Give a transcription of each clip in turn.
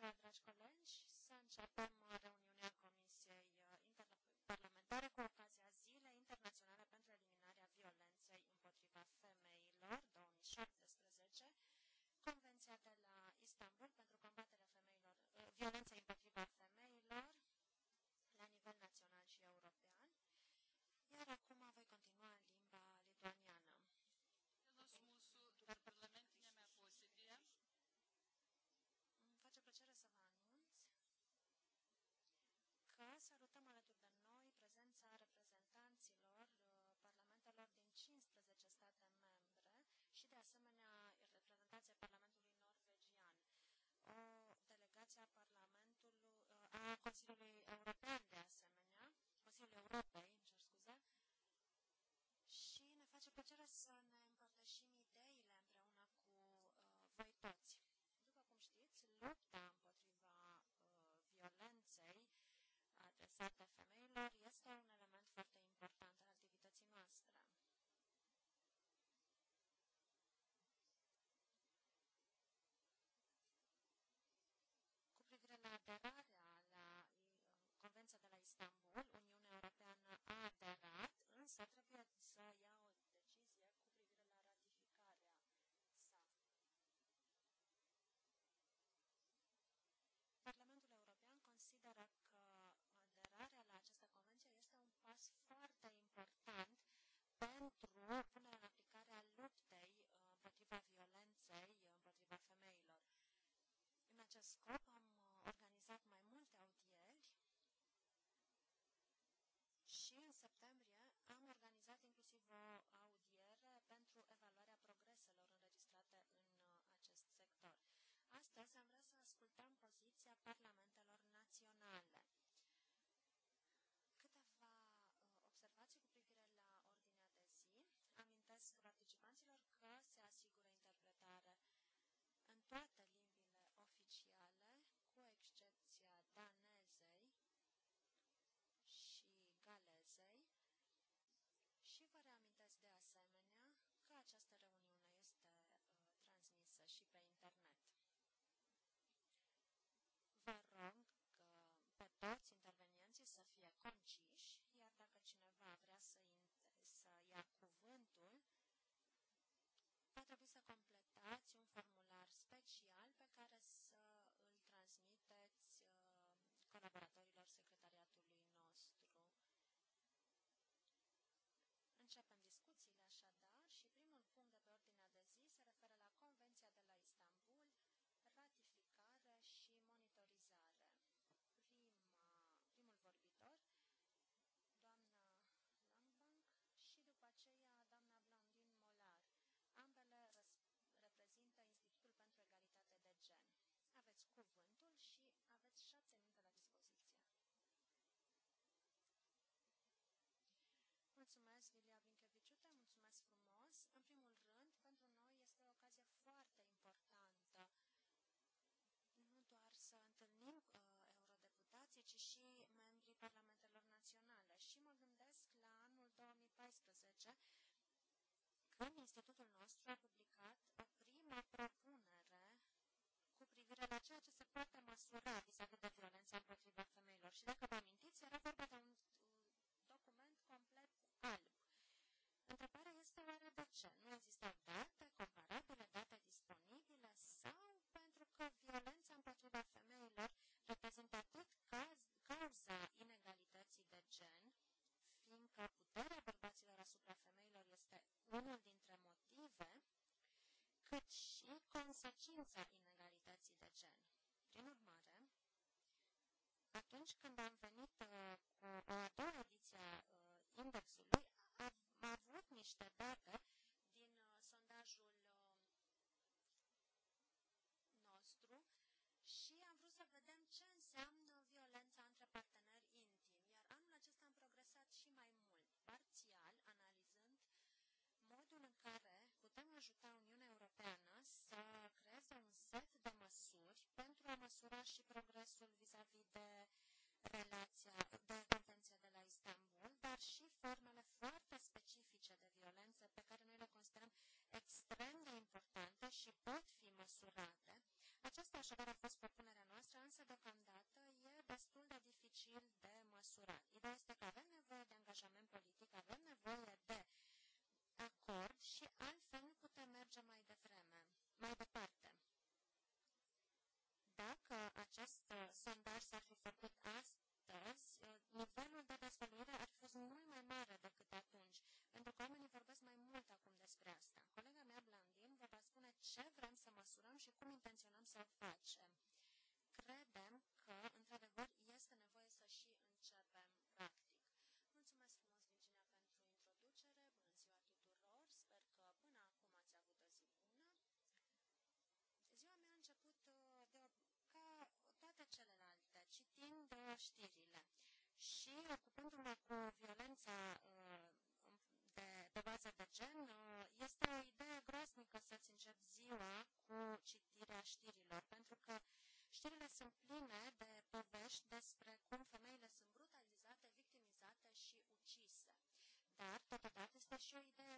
dragi colegi, să începem uh, reuniunea Comisiei uh, Interparlamentare cu ocazia Zilei Internaționale pentru Eliminarea Violenței împotriva Femeilor 2017, Convenția de la Istanbul pentru combaterea femeilor, uh, violenței împotriva Consiliului European, de asemenea, Consiliul Europei, îmi cer scuze, și ne face plăcere să ne împărtășim idei scop și pe internet. și membrii parlamentelor naționale. Și mă gândesc la anul 2014, când institutul nostru a publicat o primă propunere cu privire la ceea ce se poate măsura vis-a-vis de violența împotriva femeilor. Și dacă vă amintiți, era vorba de un document complet alb. Întrebarea este oare de ce? Nu există o consecința inegalității de gen. Prin urmare, atunci când am venit cu uh, uh, o a doua măsură și progresul vis-a-vis -vis de relația, de convenția de la Istanbul, dar și formele foarte specifice de violență pe care noi le considerăm extrem de importante și pot fi măsurate. Aceasta așadar a fost propunerea noastră, însă deocamdată e destul de dificil de măsurat. Ideea este că avem nevoie de angajament politic să facem. Credem că, într-adevăr, este nevoie să și începem practic. Mulțumesc frumos, Virginia, pentru introducere. Bună ziua tuturor. Sper că până acum ați avut o zi bună. Ziua mea a început uh, de, ca toate celelalte, citind știrile și ocupându-mă cu violența uh, de, pe bază de gen, uh, este o idee groaznică să-ți începi ziua cu citirea știrilor, pentru că știrile sunt pline de povești despre cum femeile sunt brutalizate, victimizate și ucise. Dar, totodată, este și o idee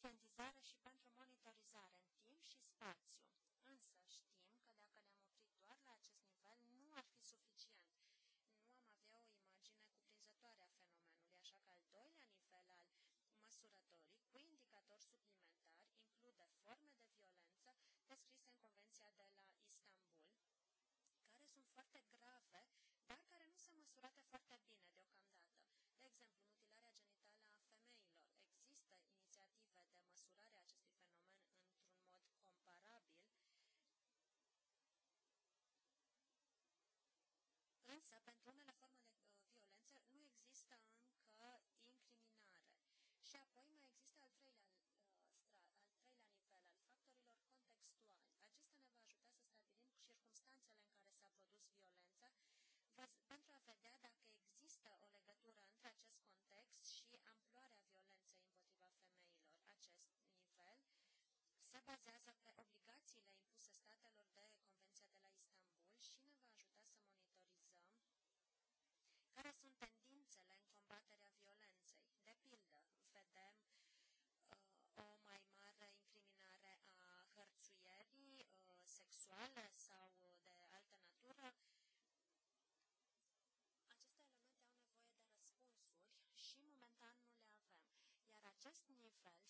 conștientizare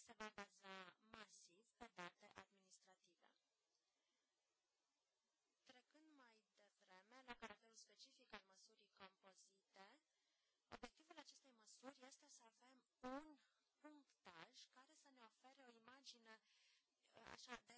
se va baza masiv pe date administrative. Trecând mai devreme la caracterul specific al măsurii compozite, obiectivul acestei măsuri este să avem un punctaj care să ne ofere o imagine așa, de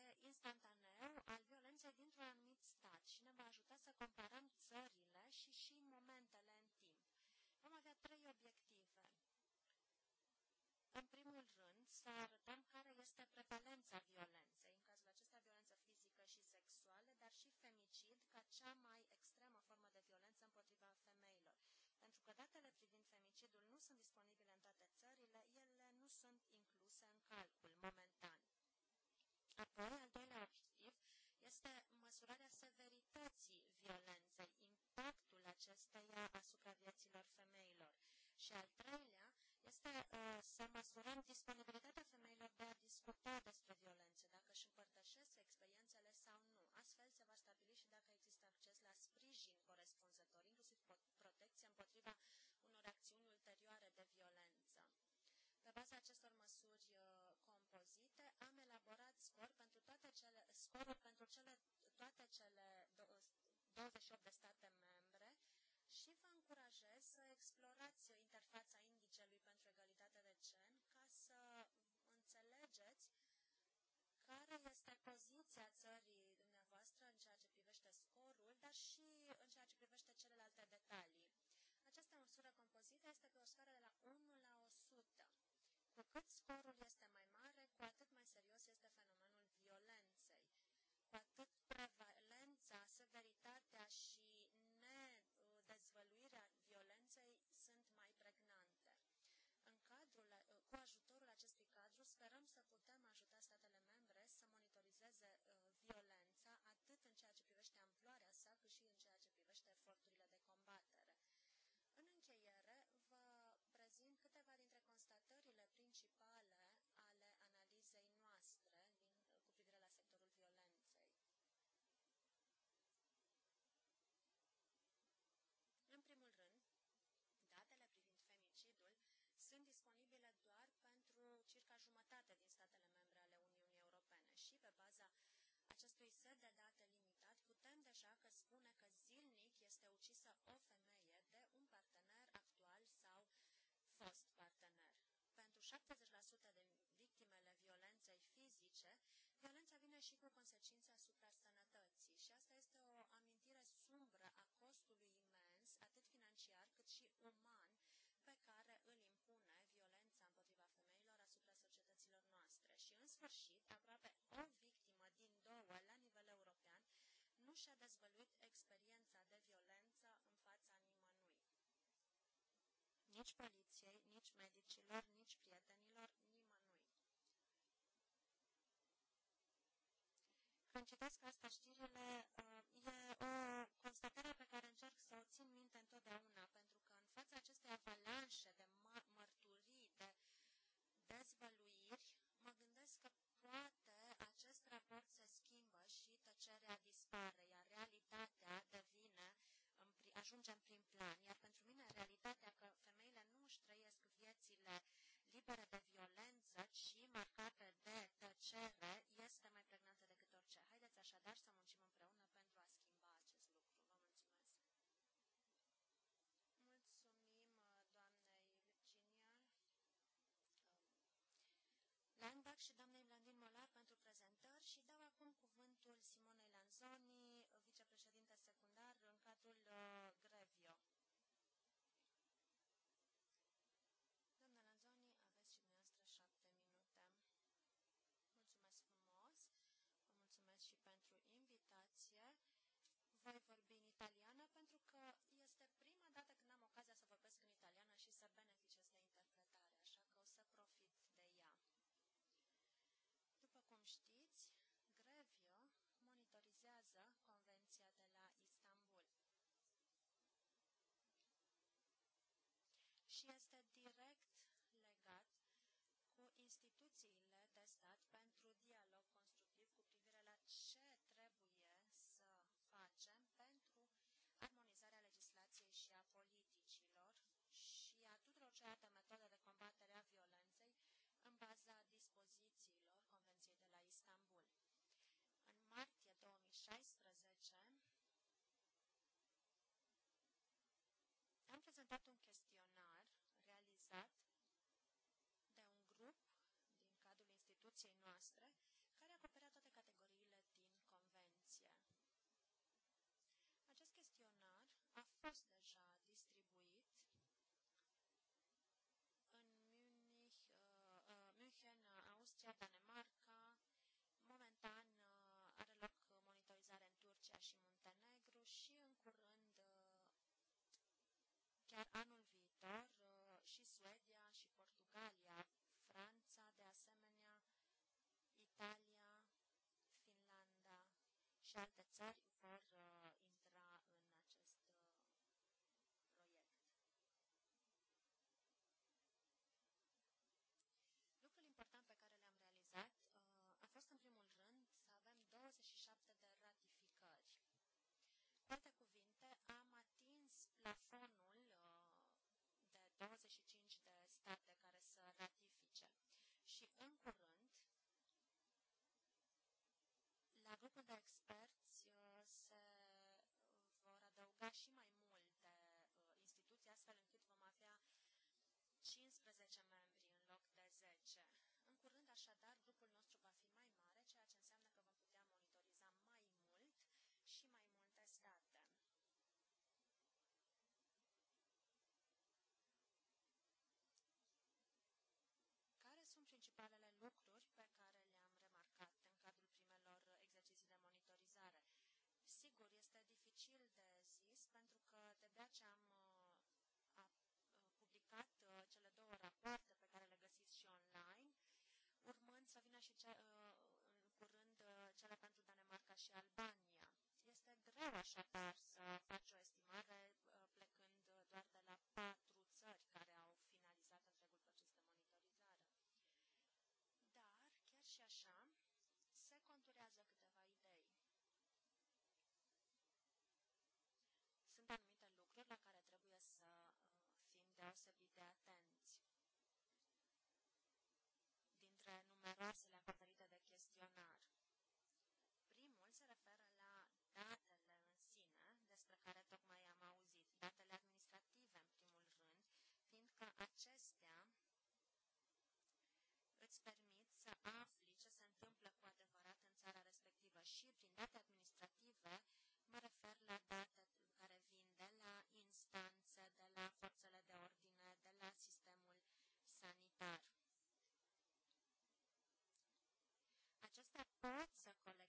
nu sunt disponibile în toate țările, ele nu sunt incluse în calcul momentan. Apoi, al doilea obiectiv este măsurarea severității violenței, impactul acesteia asupra vieților femeilor. Și al treilea este uh, să măsurăm disponibilitatea baza acestor măsuri uh, compozite, am elaborat scor pentru toate cele, scoruri pentru cele, toate cele 28 de state membre și vă încurajez să explorați interfața indicelui pentru egalitate de gen ca să înțelegeți care este poziția țării dumneavoastră în ceea ce privește scorul, dar și în ceea ce privește celelalte detalii. Această măsură compozită este pe o scară de la 1 cât scorul este mai mare, cu atât mai serios este fenomenul. și pe baza acestui set de date limitat, putem deja că spune că zilnic este ucisă o femeie de un partener actual sau fost partener. Pentru 70% de victimele violenței fizice, violența vine și cu consecințe asupra sănătății și asta este o amintire sumbră a costului imens, atât financiar cât și uman, pe care îl impune violența împotriva femeilor asupra societăților noastre. Și, în sfârșit, și-a dezvăluit experiența de violență în fața nimănui. Nici poliției, nici medicilor, nici prietenilor, nimănui. Când citesc astea știrile, uh, e o constatare pe care încerc să o țin minte întotdeauna. plan, iar pentru mine realitatea că femeile nu își trăiesc viețile libere de violență, ci marcate de tăcere, este mai pregnantă decât orice. Haideți așadar să muncim împreună pentru a schimba acest lucru. Vă mulțumesc! Mulțumim uh, doamnei Virginia Langbach și doamnei Blandin Molar pentru prezentări și dau acum cuvântul Simonei Lanzoni, și este direct legat cu instituțiile de stat pentru dialog constructiv cu privire la ce trebuie să facem pentru armonizarea legislației și a politicilor și a tuturor celelalte metode de combatere a violenței în baza dispozițiilor Convenției de la Istanbul. În martie 2016 am prezentat un Anul viitor uh, și Suedia și Portugalia, Franța, de asemenea, Italia, Finlanda și alte țări grupul de experți uh, se uh, vor adăuga și mai multe uh, instituții, astfel încât vom avea 15 membri în loc de 10. În curând, așadar, grupul nostru și Albania. Este greu așadar să faci o estimare uh, plecând uh, doar de la patru țări care au finalizat întregul proces de monitorizare. Dar, chiar și așa, se conturează câteva idei. Sunt anumite lucruri la care trebuie să uh, fim deosebit de atenți. Dintre numeroasele acoperite permit să afli ce se întâmplă cu adevărat în țara respectivă și prin date administrative mă refer la date care vin de la instanțe, de la forțele de ordine, de la sistemul sanitar. Acestea pot să colecteze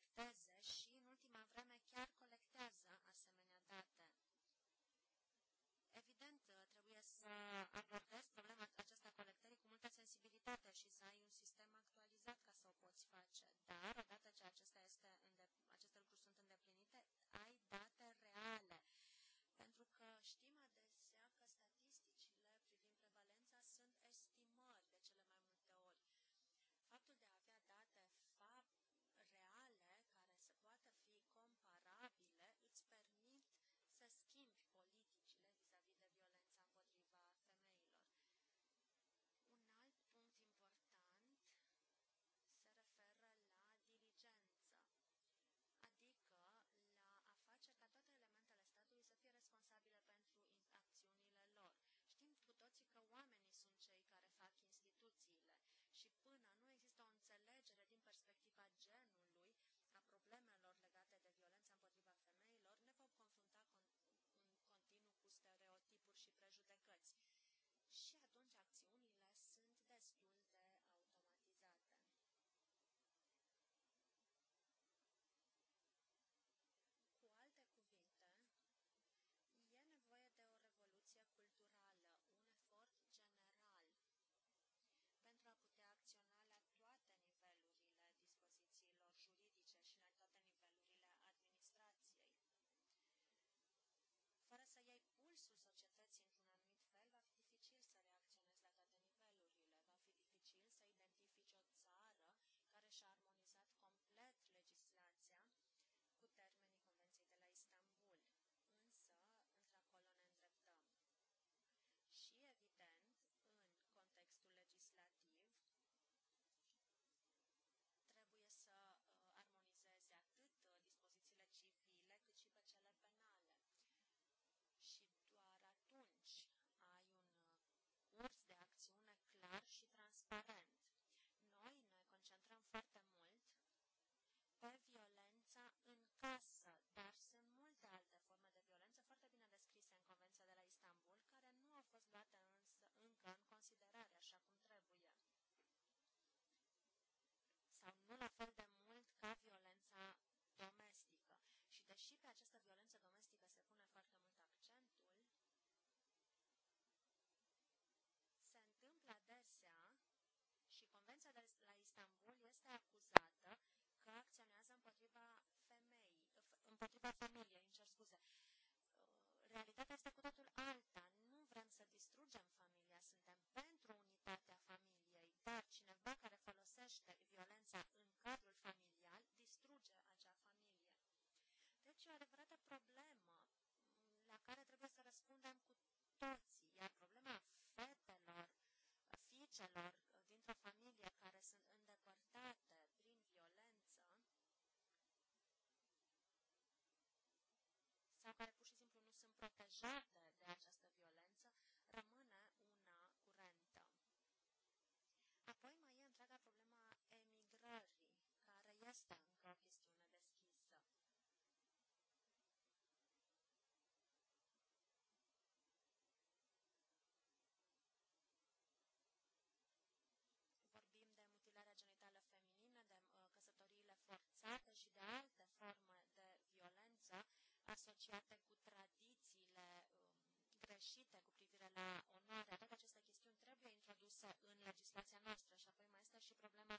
familie, îmi cer scuze. Uh, realitatea este cu totul alta. depășite cu privire la onoare, toate aceste chestiuni trebuie introduse în legislația noastră și apoi mai este și problema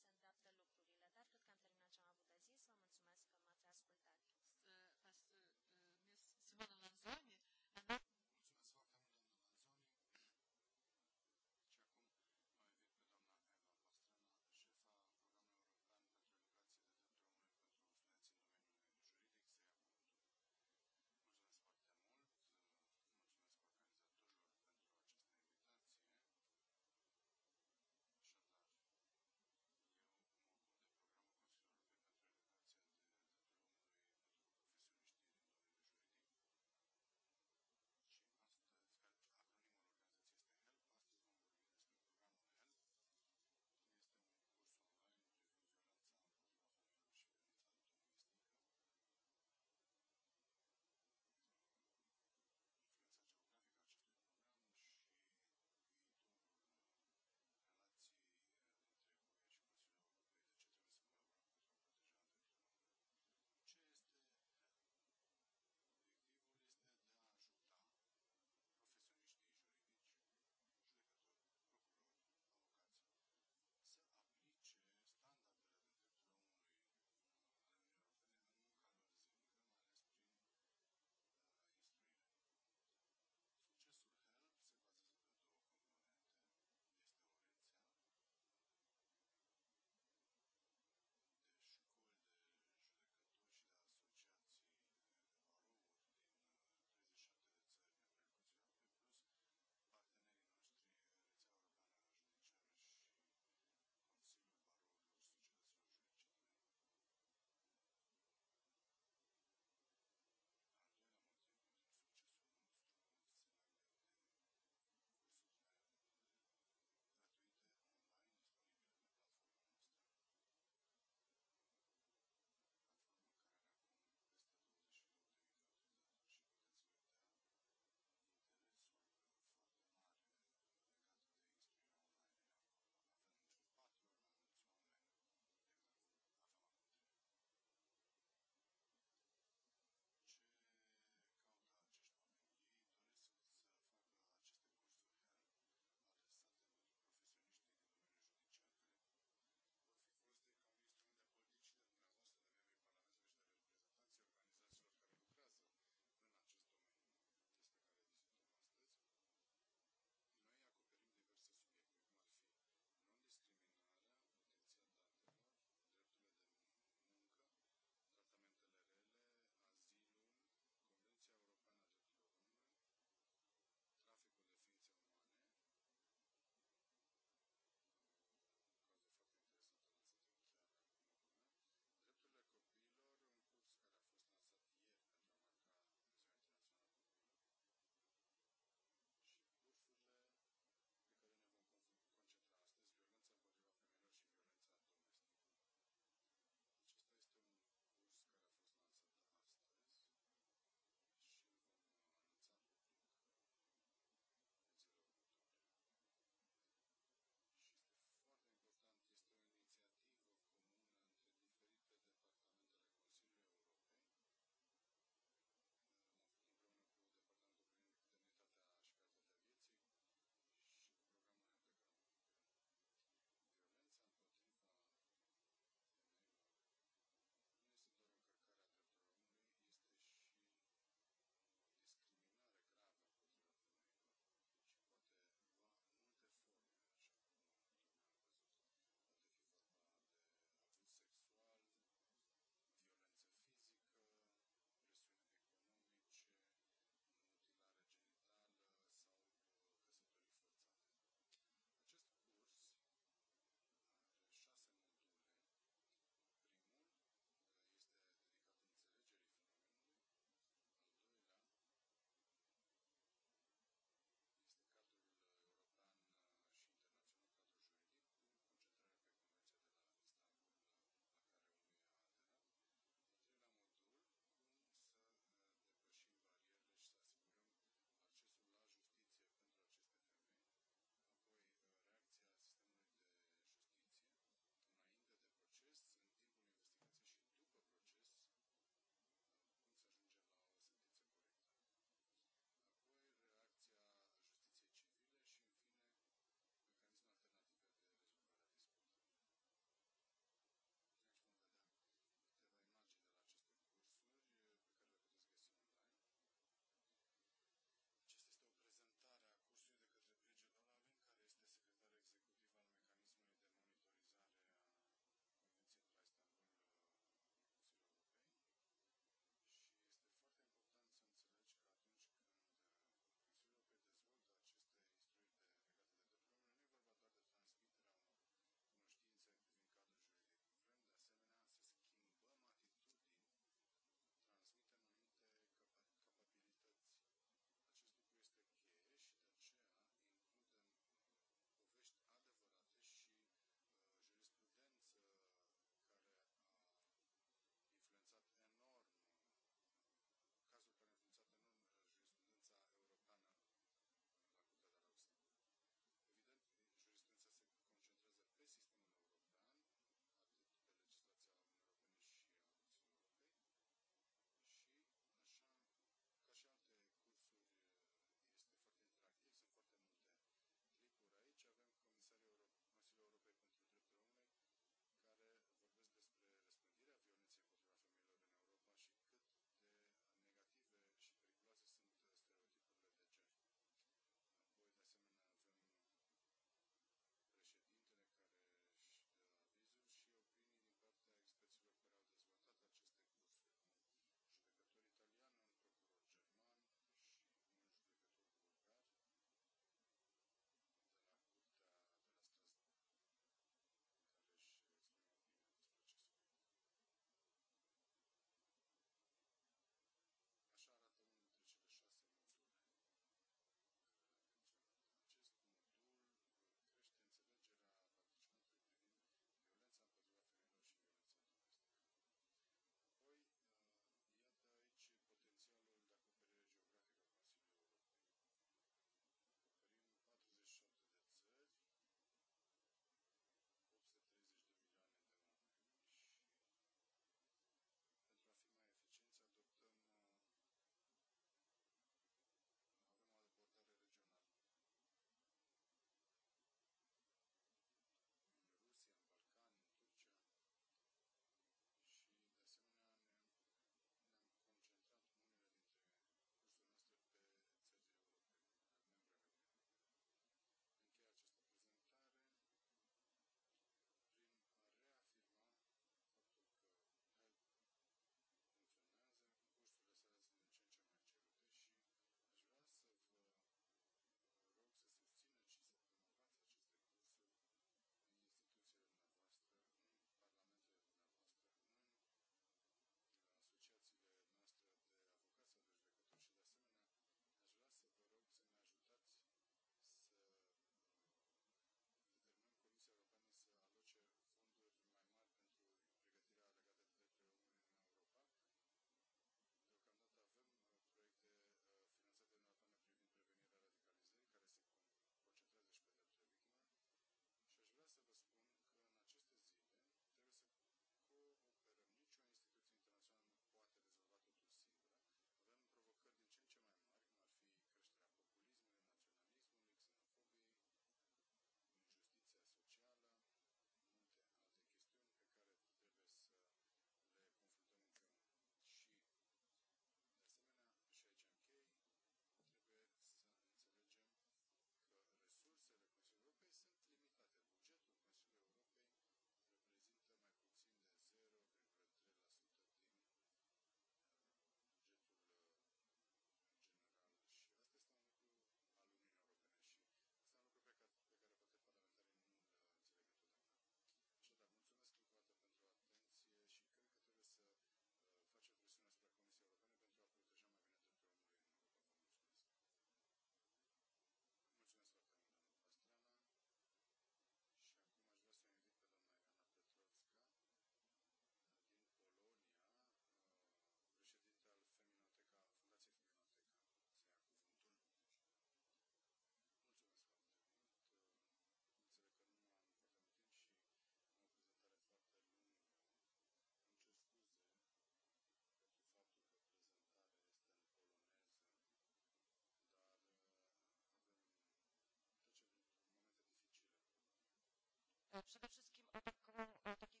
przede wszystkim atakują takie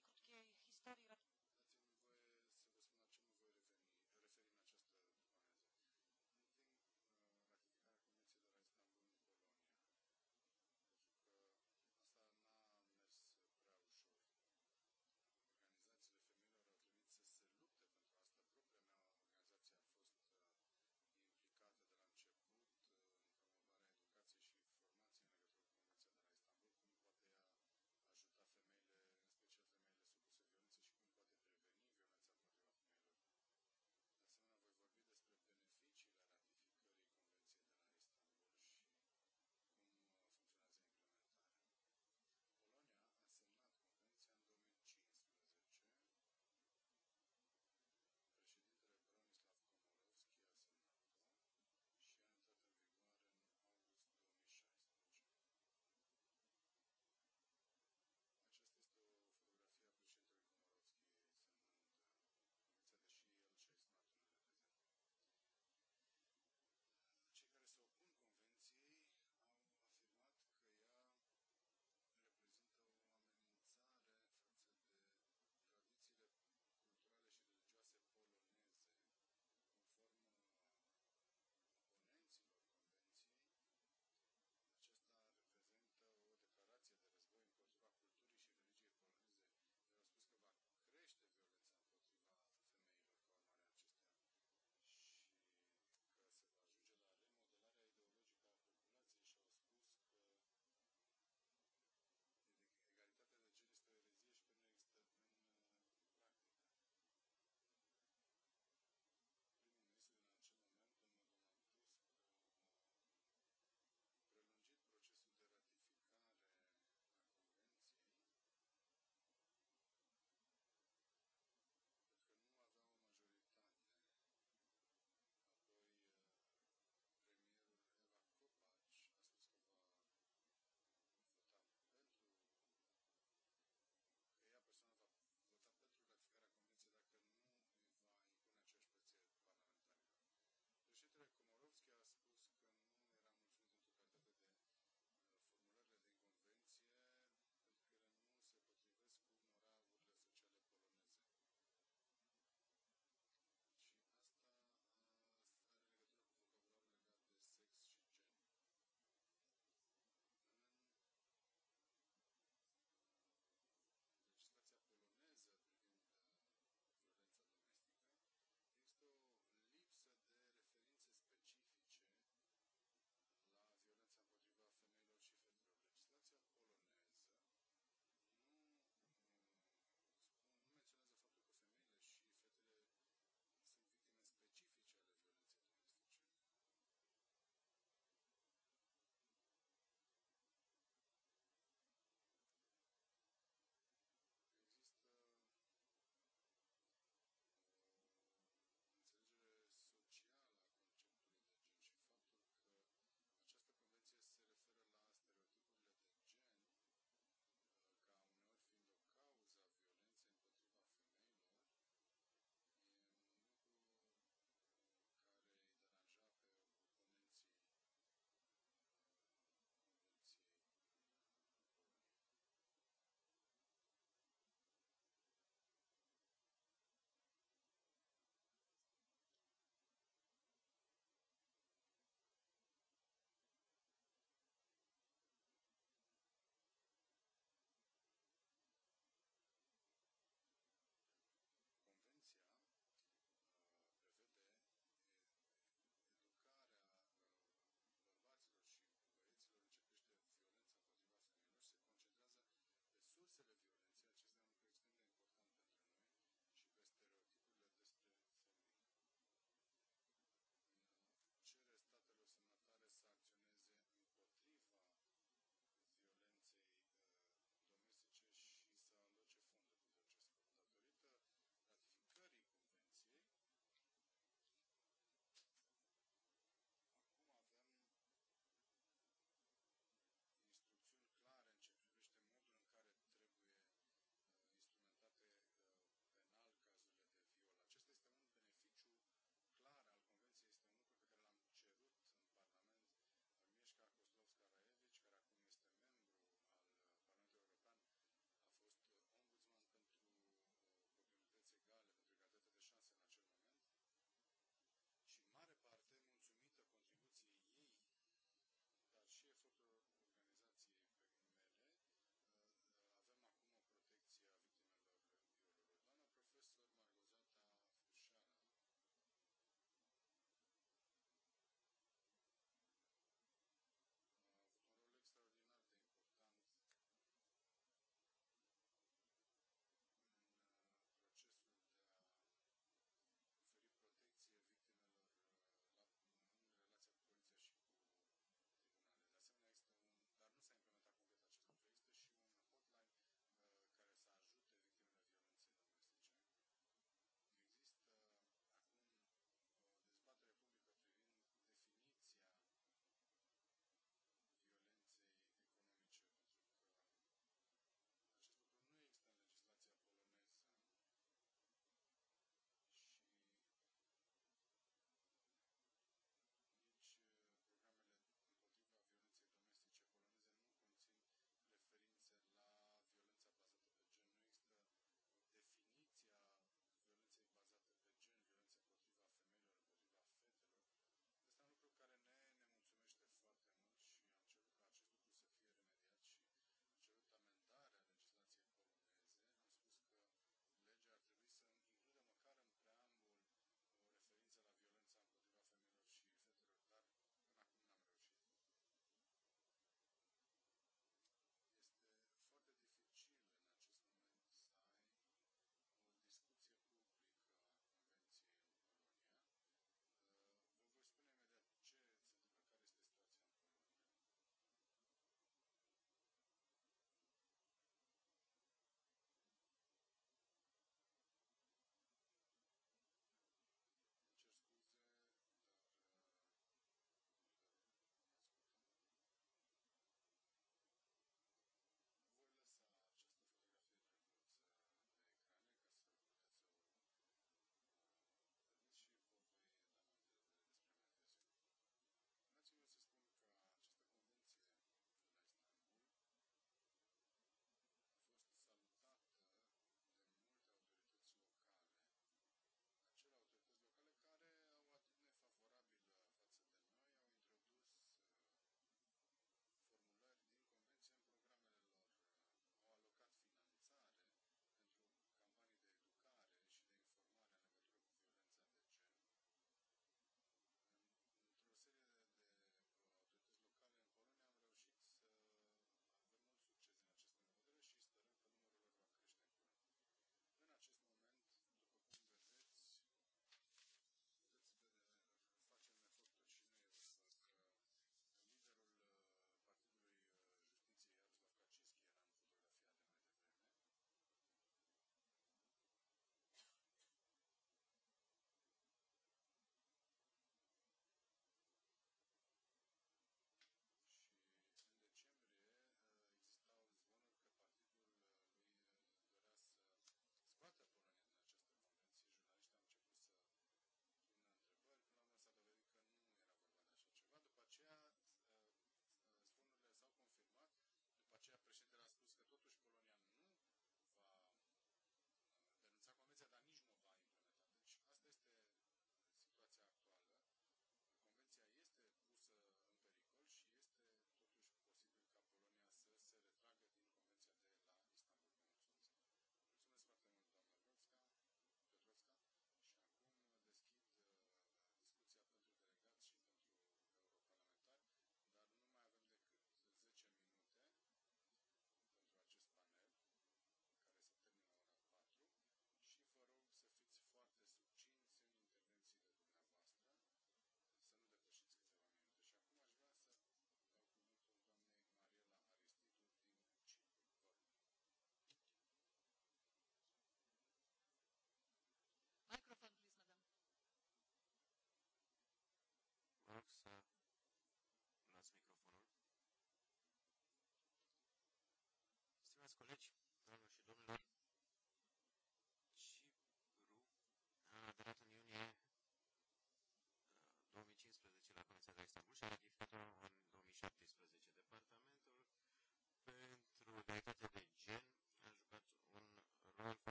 colegi.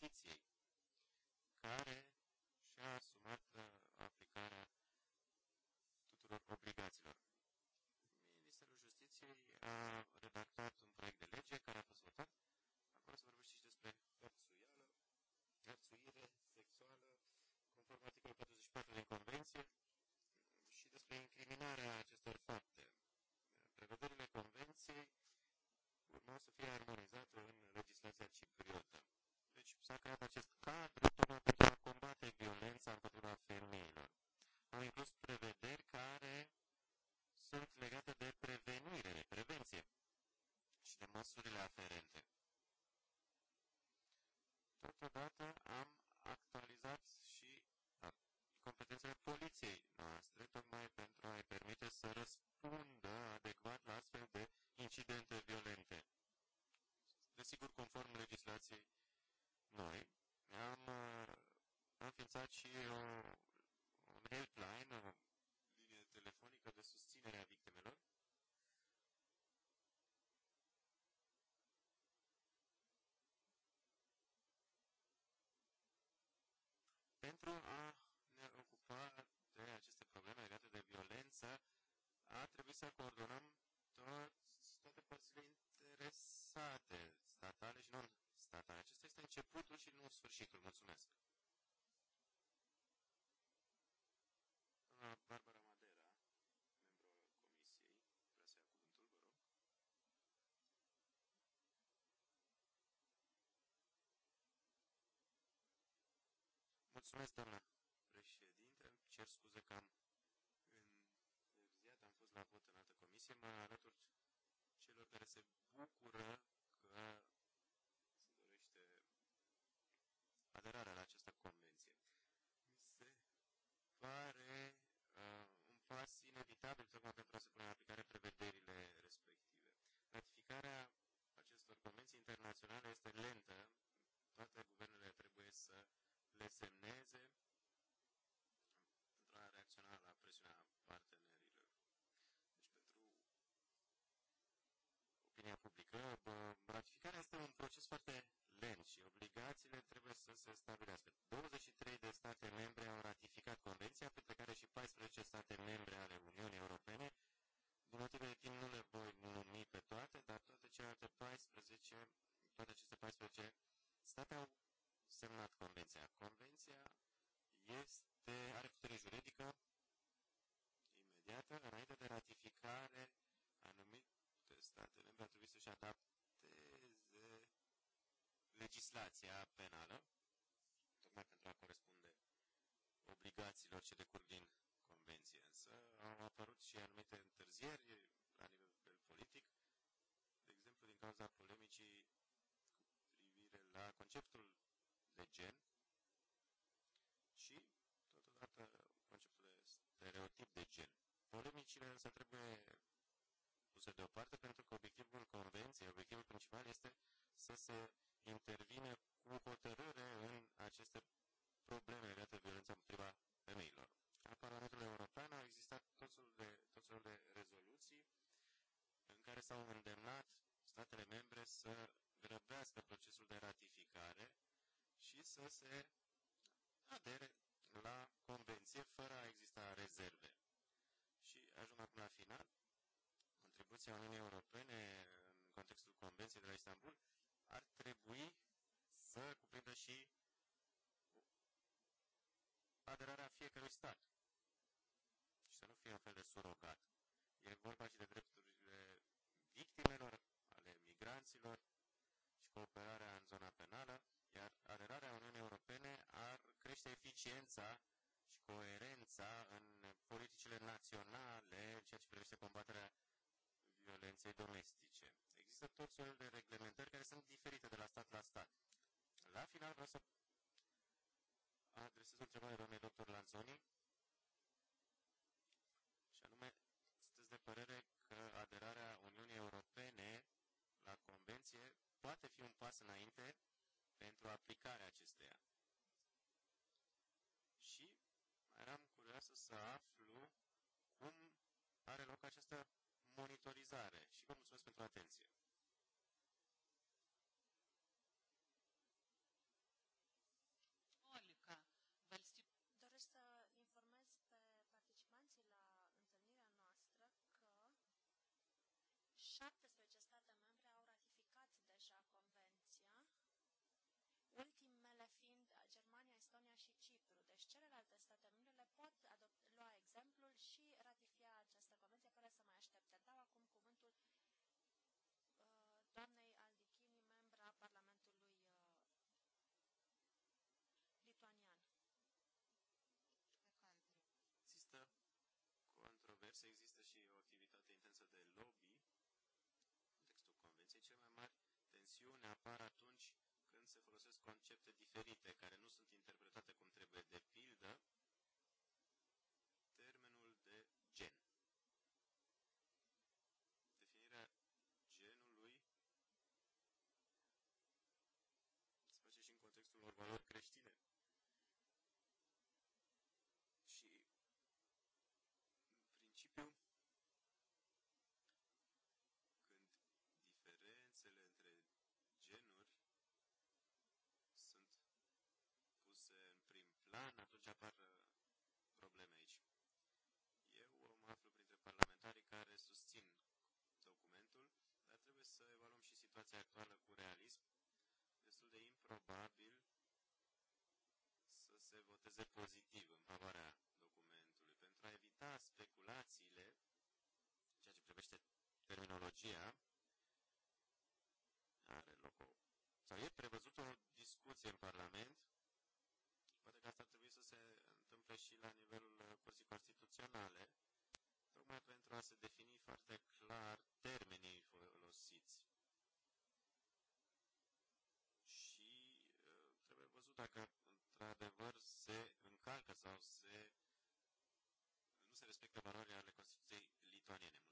Justiției, care și-a asumat uh, aplicarea tuturor obligațiilor. Ministerul Justiției a redactat un proiect de lege care a fost votat. Acolo se vorbește și despre hărțuială, hărțuire sexuală, conform articolului 44 din Convenție, și despre incriminarea totodată am actualizat și da, competențele poliției noastre, tocmai pentru a-i permite să răspundă adecvat la astfel de incidente violente. Desigur, conform legislației noi, am uh, înființat și o pentru a ne ocupa de aceste probleme legate de violență, a trebuit să coordonăm toți, toate părțile interesate, statale și non-statale. Acesta este începutul și nu sfârșitul Mulțumesc, doamna președinte. Îmi cer scuze că am întârziat, am fost la vot în altă comisie. Mă alătur celor care se bucură se stabilească. 23 de state membre au ratificat convenția, printre care și 14 state membre ale Uniunii Europene. Din motive de timp nu le voi numi pe toate, dar toate celelalte 14, toate aceste 14 state au semnat convenția. Convenția este, are putere juridică imediată, înainte de ratificare, anumite state membre ar trebui să-și adapteze legislația penală obligațiilor ce decurg din convenție. Însă au apărut și anumite întârzieri la nivel politic, de exemplu din cauza polemicii cu privire la conceptul de gen și, totodată, conceptul de stereotip de gen. Polemicile însă trebuie puse deoparte pentru că obiectivul convenției, obiectivul principal este să se intervine cu hotărâre în aceste probleme legate de violența împotriva femeilor. La Parlamentul European au existat tot felul de, tot felul de rezoluții în care s-au îndemnat statele membre să grăbească procesul de ratificare și să se adere la convenție fără a exista rezerve. Și ajung acum la final. Contribuția Uniunii Europene în contextul Convenției de la Istanbul ar trebui să cuprindă și aderarea fiecărui stat. Și să nu fie un fel de surogat. E vorba și de drepturile victimelor, ale migranților și cooperarea în zona penală, iar aderarea Uniunii Europene ar crește eficiența și coerența în politicile naționale în ceea ce privește combaterea violenței domestice. Există tot felul de reglementări care sunt diferite de la stat la stat. La final vreau să adresez o întrebare doamnei doctor Lanzoni, și anume, sunteți de părere că aderarea Uniunii Europene la Convenție poate fi un pas înainte pentru aplicarea acesteia. Și eram curioasă să aflu cum are loc această monitorizare și vă mulțumesc pentru atenție. exactă tensiune apar atunci când se folosesc concepte diferite, care să evaluăm și situația actuală cu realism. Destul de improbabil să se voteze pozitiv în favoarea documentului. Pentru a evita speculațiile, ceea ce privește terminologia, are loc o... sau e prevăzută o discuție în Parlament, poate că asta ar trebui să se întâmple și la nivelul uh, Curții Constituționale, tocmai pentru a se defini foarte clar dacă într-adevăr se încalcă sau se, nu se respectă valorile ale Constituției lituaniene.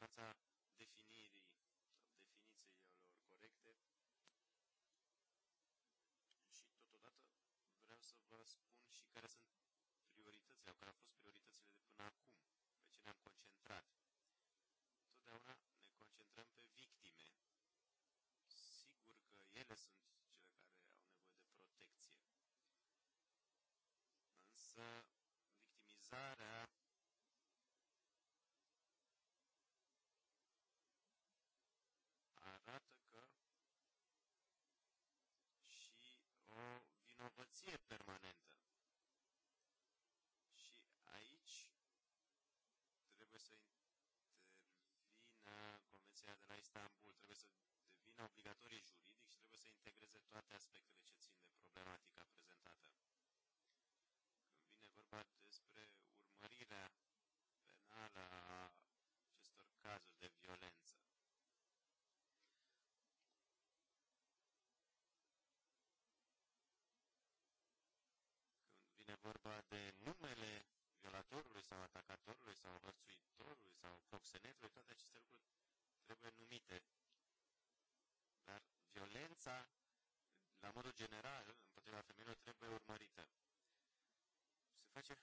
importanța definirii, definițiilor corecte și totodată vreau să vă spun și care sunt prioritățile, care au fost prioritățile de până acum, pe ce ne-am concentrat. vorba de numele violatorului sau atacatorului sau hărțuitorului sau proxenetului, toate aceste lucruri trebuie numite. Dar violența, la modul general, împotriva femeilor, trebuie urmărită. Se face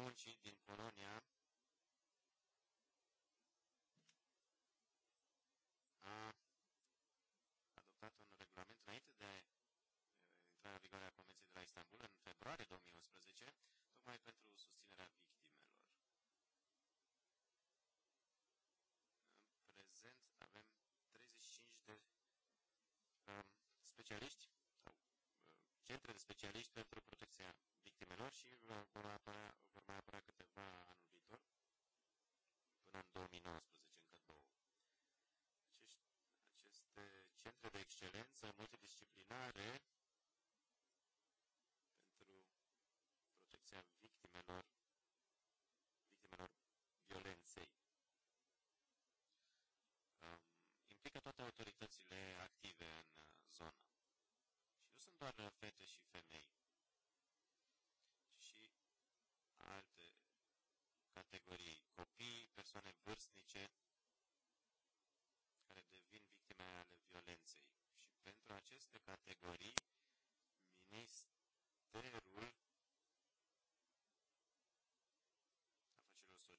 muncii din Polonia a adoptat un regulament înainte de intrarea în vigoare a Convenției de la Istanbul în februarie 2011, tocmai pentru susținerea victimelor. În prezent avem 35 de um, specialiști sau uh, centre de specialiști pentru protecția victimelor și uh, vor apărea 2019, încă două. Acești, aceste centre de excelență multidisciplinare pentru protecția victimelor, victimelor violenței. Um, implică toate autoritățile active în uh, zonă. Și nu sunt doar fete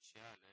sociale,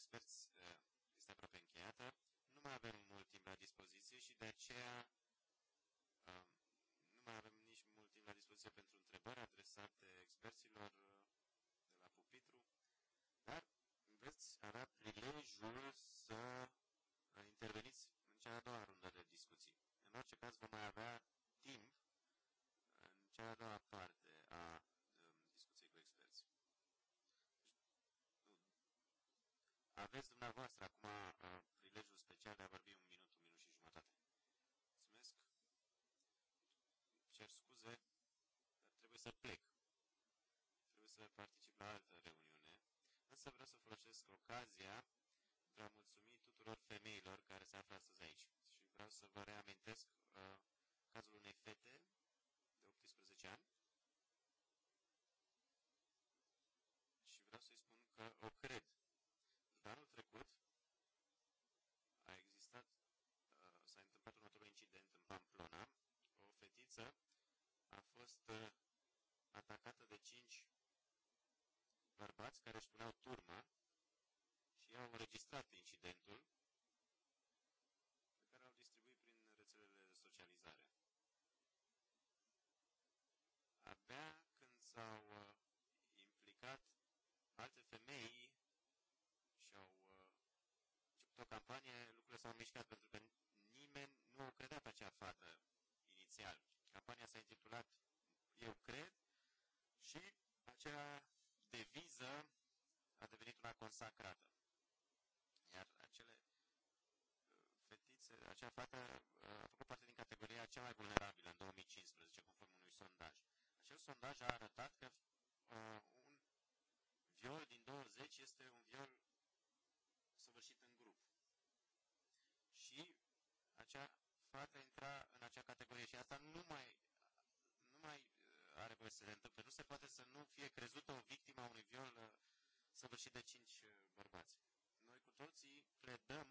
experți uh, este aproape încheiată. Nu mai avem mult timp la dispoziție și de aceea um, nu mai avem nici mult timp la dispoziție pentru întrebări adresate experților uh, de la pupitru, dar veți avea prilejul să uh, interveniți în cea a doua rundă de discuții. În orice caz vom mai avea timp în cea a doua aveți dumneavoastră acum uh, prilejul special de a vorbi un minut, un minut și jumătate. Mulțumesc. Cer scuze, dar trebuie să plec. Trebuie să particip la altă reuniune, însă vreau să folosesc ocazia pentru a mulțumi tuturor femeilor care se află astăzi aici. Și vreau să vă reamintesc uh, cazul unei fete de 18 ani, și vreau să-i spun că o cred soldați care își puneau turma și au înregistrat incidentul pe care l-au distribuit prin rețelele de socializare. Abia când s-au uh, implicat alte femei și au uh, început o campanie, lucrurile s-au mișcat pentru că nimeni nu o credea acea fată inițial. Campania s-a intitulat Eu cred și acea viză a devenit una consacrată. Iar acele uh, fetițe, acea fată uh, a făcut parte din categoria cea mai vulnerabilă în 2015, conform unui sondaj. Acel sondaj a arătat că uh, un viol din 20 este un viol săvârșit în grup. Și acea fată intra în acea categorie și asta nu mai trebuie să se întâmple. Nu se poate să nu fie crezută o victimă a unui viol uh, săvârșit de cinci uh, bărbați. Noi cu toții pledăm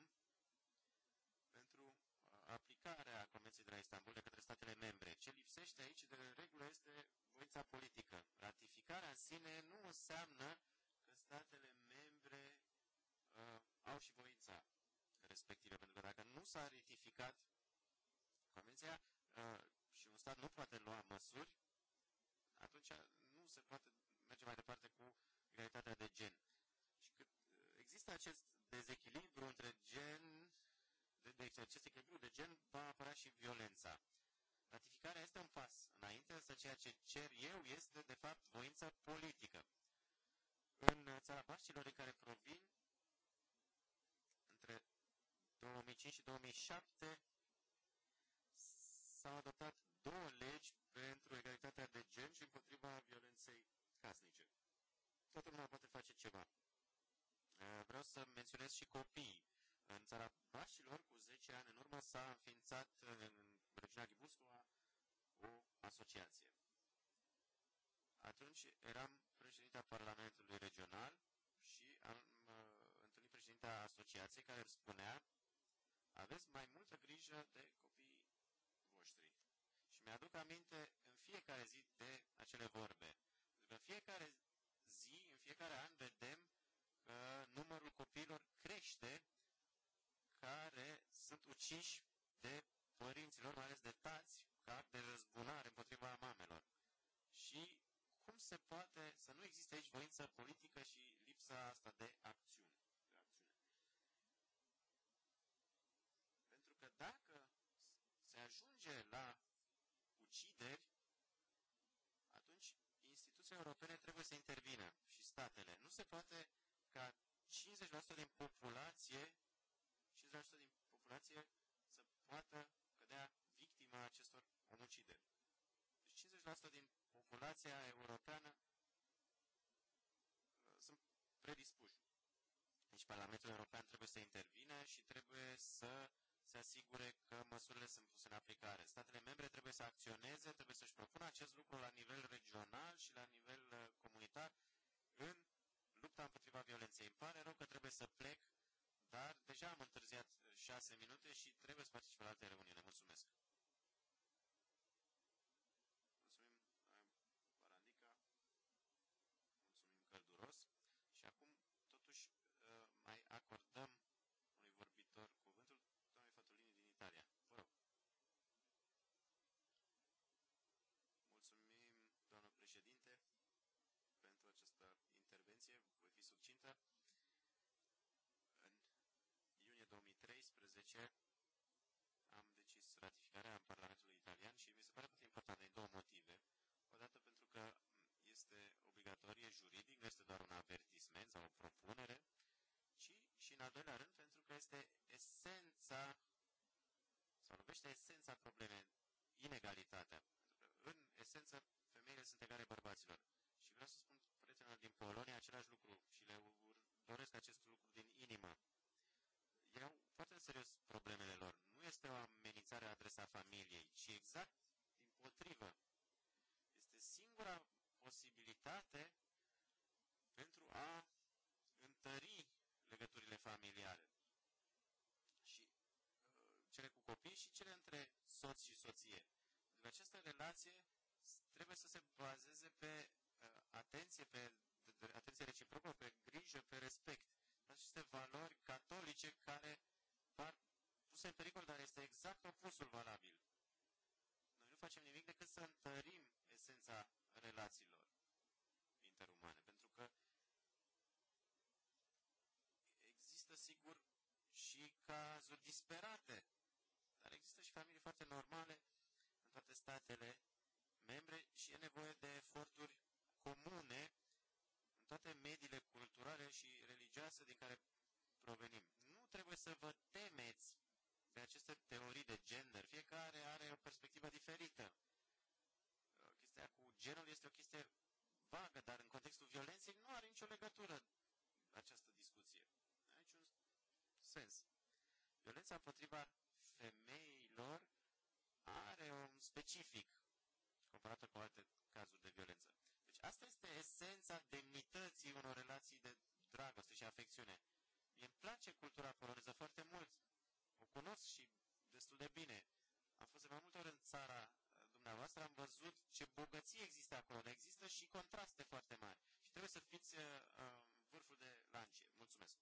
pentru uh, aplicarea Convenției de la Istanbul de către statele membre. Ce lipsește aici de regulă este voința politică. Ratificarea în sine nu înseamnă că statele membre uh, au și voința respectivă, pentru că dacă nu s-a ratificat Convenția uh, și un stat nu poate lua măsuri, atunci nu se poate merge mai departe cu egalitatea de gen. Și cât există acest dezechilibru între gen, de, deci acest echilibru de gen va apărea și violența. Ratificarea este un pas înainte, însă ceea ce cer eu este, de fapt, voința politică. În țara Baștilor, de care provin, între 2005 și 2007, s-au adoptat două legi pentru pentru egalitatea de gen și împotriva violenței casnice. Toată lumea poate face ceva. Eh, vreau să menționez și copiii. În țara Bașilor, cu 10 ani în urmă, s-a înființat eh, în regiunea Ghibuscoa o asociație. Atunci eram președintea Parlamentului Regional și am uh, întâlnit asociației care îmi spunea aveți mai multă grijă de copii mi-aduc aminte în fiecare zi de acele vorbe. În fiecare zi, în fiecare an, vedem că numărul copiilor crește care sunt uciși de părinților, mai ales de tați, ca de răzbunare împotriva mamelor. Și cum se poate să nu existe aici voință politică și lipsa asta de acțiune? statele. Nu se poate ca 50% din populație, 50% din populație să poată cădea victima acestor omucideri. Deci 50% din populația europeană uh, sunt predispuși. Deci Parlamentul European trebuie să intervine și trebuie să se asigure că măsurile sunt puse în aplicare. Statele membre trebuie să acționeze, trebuie să-și propună acest lucru la nivel regional și la nivel uh, comunitar în lupta împotriva violenței. Îmi pare rău că trebuie să plec, dar deja am întârziat șase minute și trebuie să particip la alte reuniune. Mulțumesc! 2011 am decis ratificarea în Parlamentul Italian și mi se pare foarte important din două motive. Odată pentru că mm, este obligatorie juridic, nu este doar un avertisment sau o propunere, ci și în al doilea rând pentru că este esența sau lovește esența problemei, inegalitatea. În esență, femeile sunt egale bărbaților. Și vreau să spun prietenilor din Polonia același lucru și le doresc acest lucru din inimă iau foarte în serios problemele lor. Nu este o amenințare a adresa familiei, ci exact din potrivă. Este singura posibilitate pentru a întări legăturile familiale. Și uh, cele cu copii și cele între soț și soție. Deci această relație trebuie să se bazeze pe uh, atenție, pe atenție reciprocă, pe grijă, pe respect aceste valori catolice care par puse în pericol, dar este exact opusul valabil. Noi nu facem nimic decât să întărim esența relațiilor interumane, pentru că există, sigur, și cazuri disperate, dar există și familii foarte normale în toate statele membre și e nevoie de eforturi comune toate mediile culturale și religioase din care provenim. Nu trebuie să vă temeți de aceste teorii de gender. Fiecare are o perspectivă diferită. Uh, chestia cu genul este o chestie vagă, dar în contextul violenței nu are nicio legătură această discuție. Aici un sens. Violența împotriva femeilor are un specific comparată cu alte cazuri de violență. Deci asta este esența demnității unor relații de dragoste și afecțiune. Mie îmi place cultura poloneză foarte mult. O cunosc și destul de bine. Am fost de mai multe ori în țara uh, dumneavoastră, am văzut ce bogăție există acolo, dar există și contraste foarte mari. Și trebuie să fiți uh, vârful de lancie. Mulțumesc!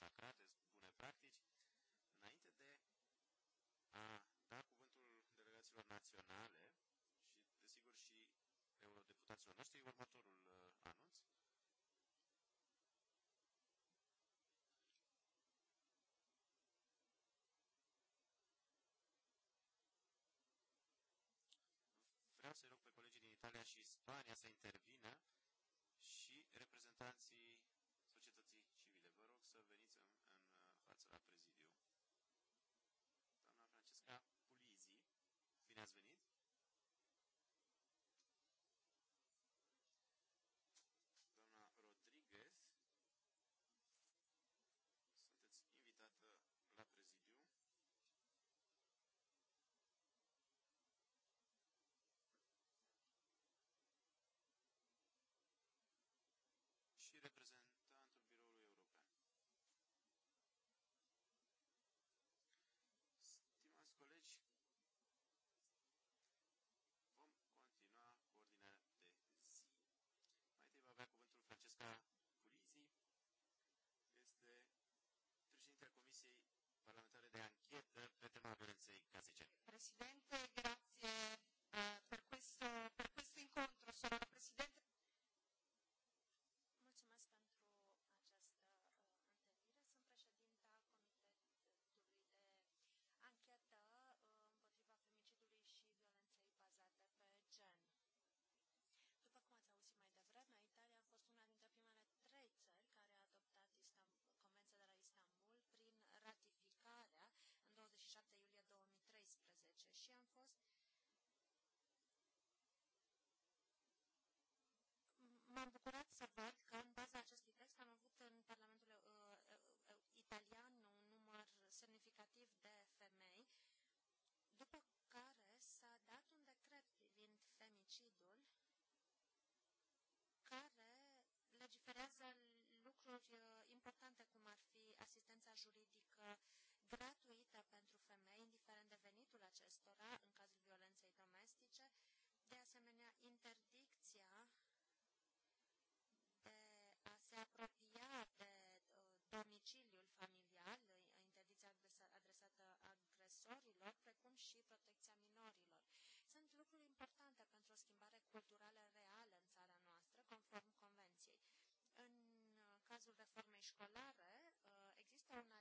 consacrate, bune practici, înainte de a da cuvântul delegațiilor naționale și, desigur, și eurodeputaților noștri, următorul uh, anunț. Vreau să-i rog pe colegii din Italia și Spania să intervină și reprezentanții juridică gratuită pentru femei, indiferent de venitul acestora, în cazul violenței domestice, de asemenea interdicția de a se apropia de uh, domiciliul familial, interdicția adresată agresorilor, precum și protecția minorilor. Sunt lucruri importante pentru o schimbare culturală reală în țara noastră, conform Convenției. În uh, cazul reformei școlare, uh, există un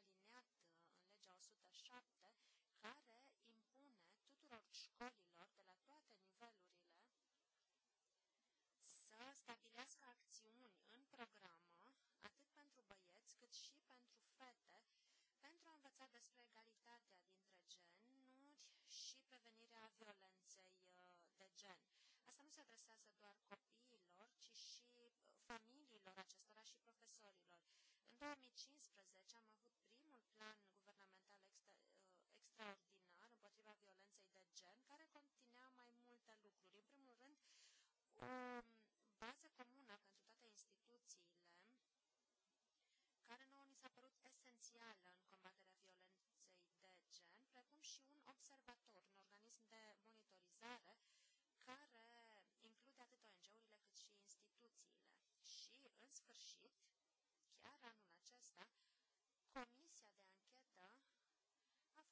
nu se adresează doar copiilor, ci și uh, familiilor acestora și profesorilor. În 2015 am avut primul plan guvernamental extra, uh, extraordinar împotriva violenței de gen, care conținea mai multe lucruri. În primul rând, o um, bază comună pentru toate instituțiile, care nouă ni s-a părut esențială în combaterea violenței de gen, precum și un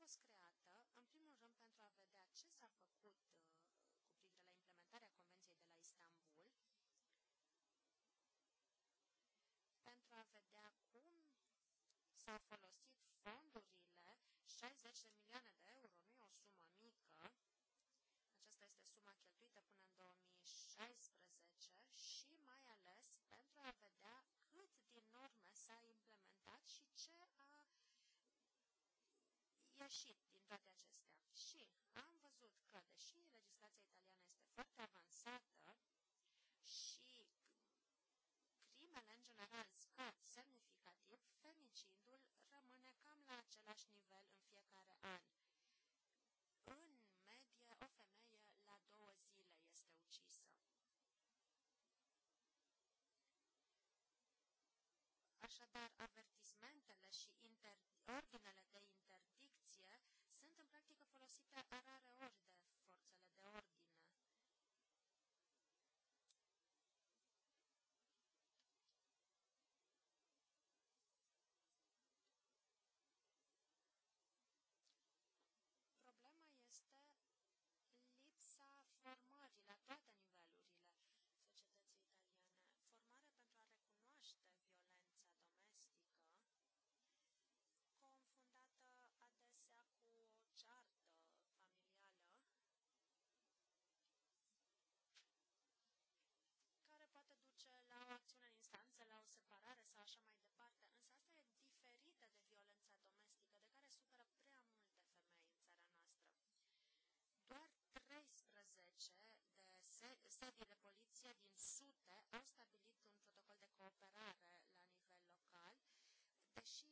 fost creată, în primul rând, pentru a vedea ce s-a făcut uh, cu privire la implementarea Convenției de la Istanbul, pentru a vedea cum s-au folosit fondurile, 60 de milioane de euro, nu e o sumă mică, aceasta este suma cheltuită până în 2016 și mai ales pentru a vedea cât din norme s-a implementat și ce greșit din toate acestea. Și am văzut că, deși legislația italiană este foarte avansată și crimele în general scad semnificativ, femicidul rămâne cam la același nivel în fiecare an. În medie, o femeie la două zile este ucisă. Așadar, avertismentele și ordinele arare servii de poliție din sute au stabilit un protocol de cooperare la nivel local, deși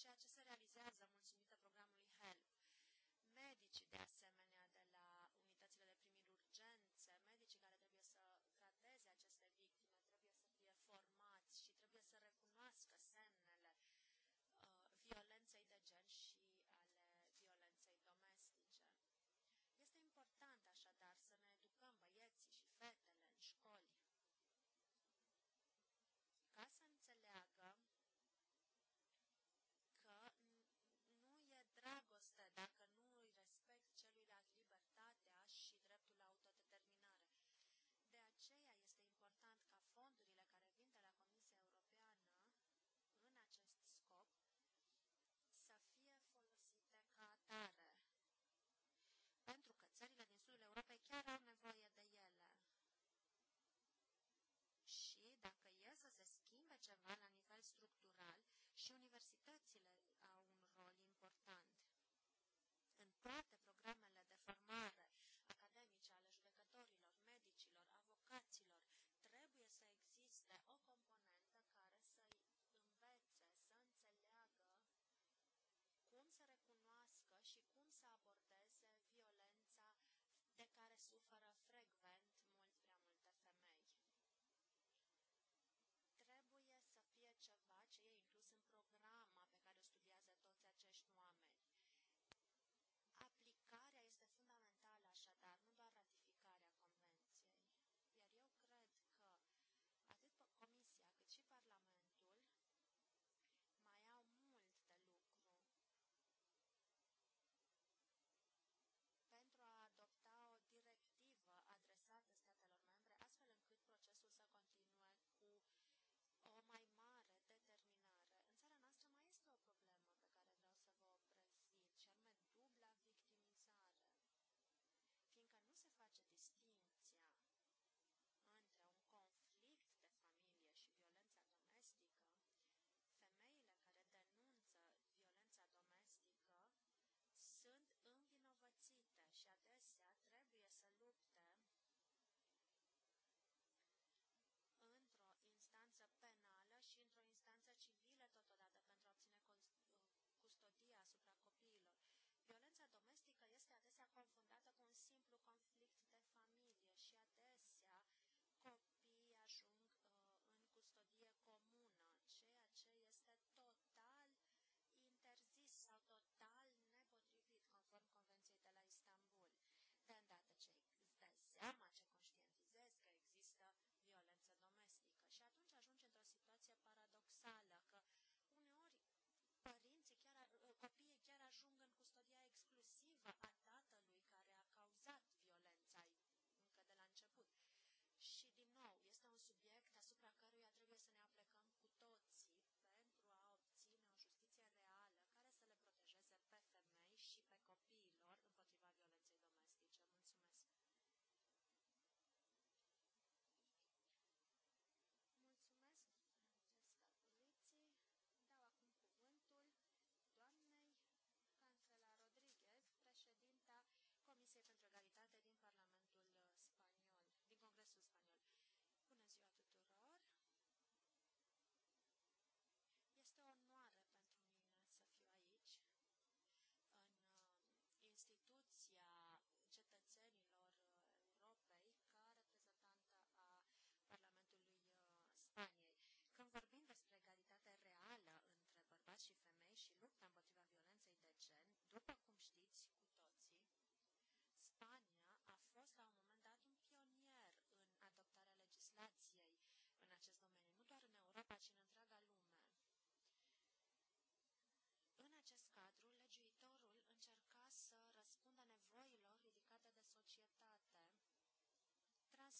ceea ce se realizează și universitățile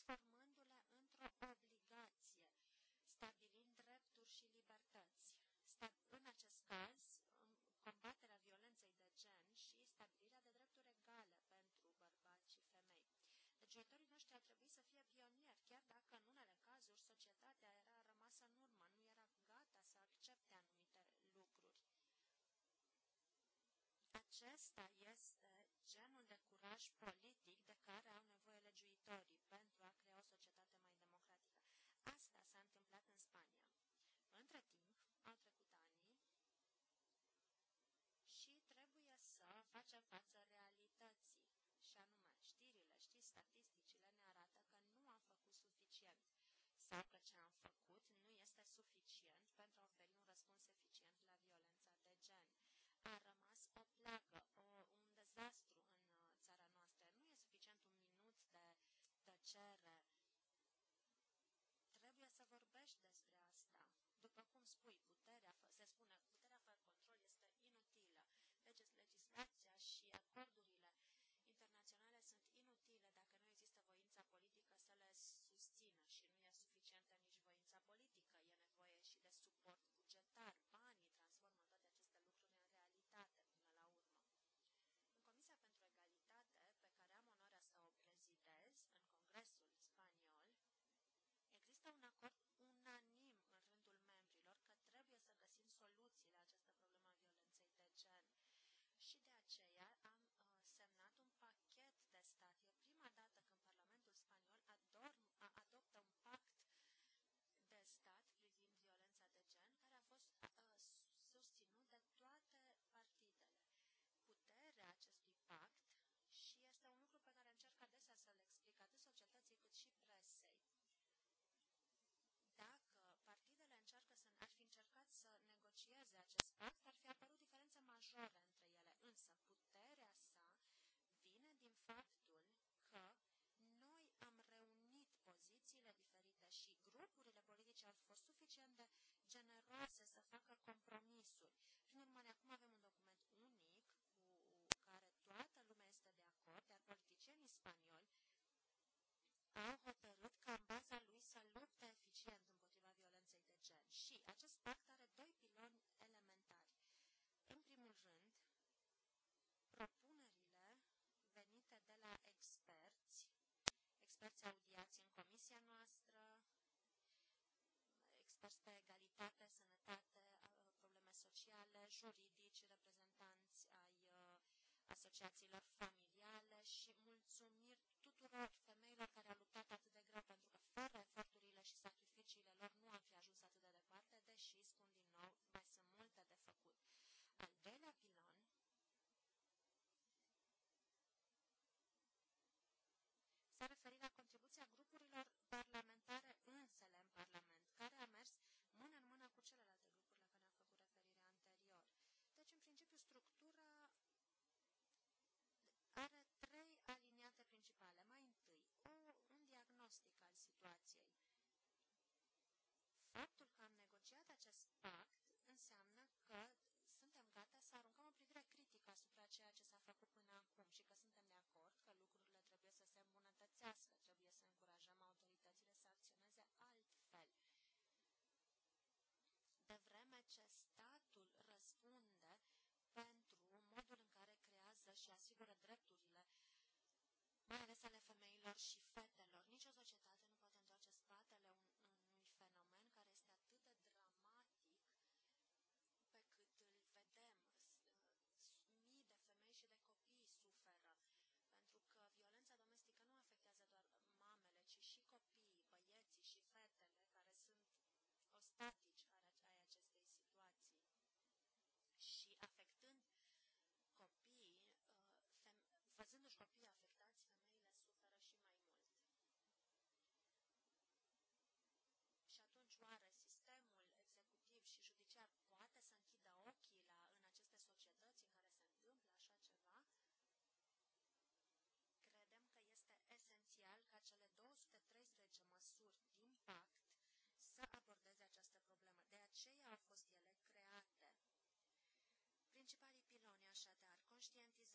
transformându-le într-o obligație, stabilind drepturi și libertăți. În acest caz, combaterea violenței de gen și stabilirea de drepturi egale pentru bărbați și femei. Legiuitorii deci, noștri ar trebui să fie pionieri, chiar dacă în unele cazuri societatea era rămasă în urmă, nu era gata să accepte anumite lucruri. Acesta este genul de curaj politic sau că ce am făcut nu este suficient pentru a oferi un răspuns eficient la violența de gen. A rămas o plagă, o, un dezastru în uh, țara noastră. Nu e suficient un minut de tăcere. Trebuie să vorbești despre asta. După cum spui, puterea Și acest pact are doi piloni elementari. În primul rând, propunerile venite de la experți, experți audiați în comisia noastră, experți pe egalitate, sănătate, probleme sociale, juridici, reprezentanți ai uh, asociațiilor familiale și mulțumiri tuturor femeilor și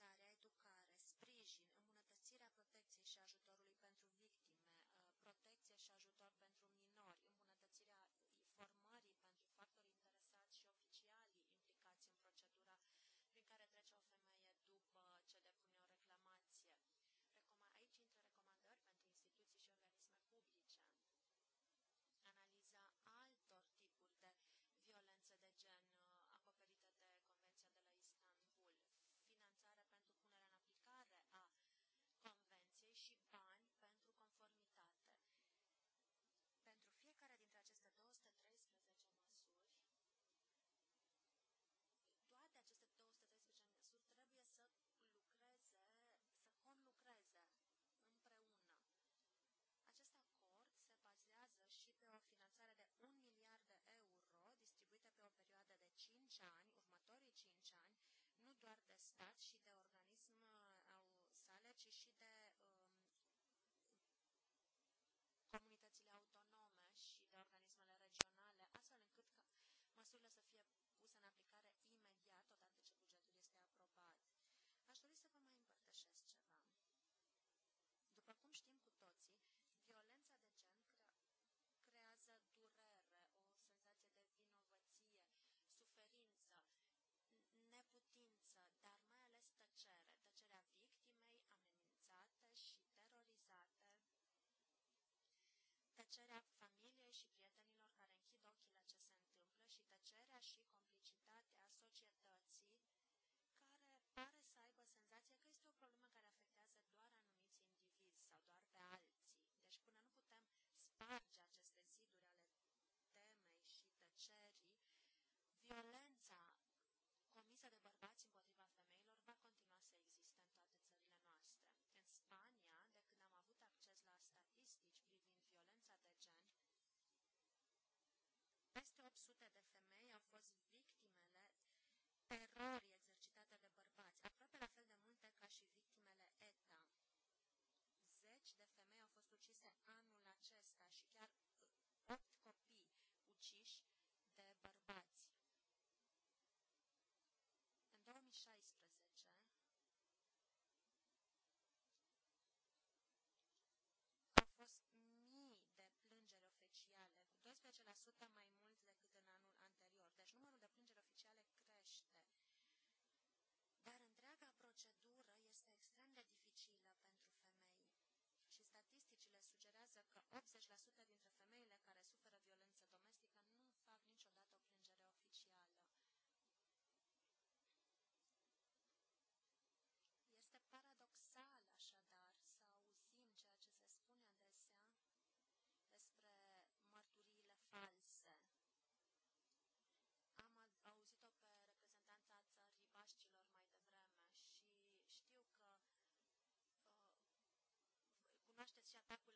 conștientizarea, educare, sprijin, îmbunătățirea protecției și ajutorului pentru victime, uh, protecție și ajutor pentru stat și de organism uh, al sale, ci și de um, comunitățile autonome și de organismele regionale, astfel încât ca măsurile să fie puse în aplicare imediat, odată ce bugetul este aprobat. Aș dori să vă mai împărtășesc 80% dintre femeile care suferă violență domestică nu fac niciodată o plângere oficială. Este paradoxal, așadar, să auzim ceea ce se spune adesea despre mărturiile false. Am auzit-o pe reprezentanta țării Baștilor mai devreme și știu că uh, cunoașteți și atacul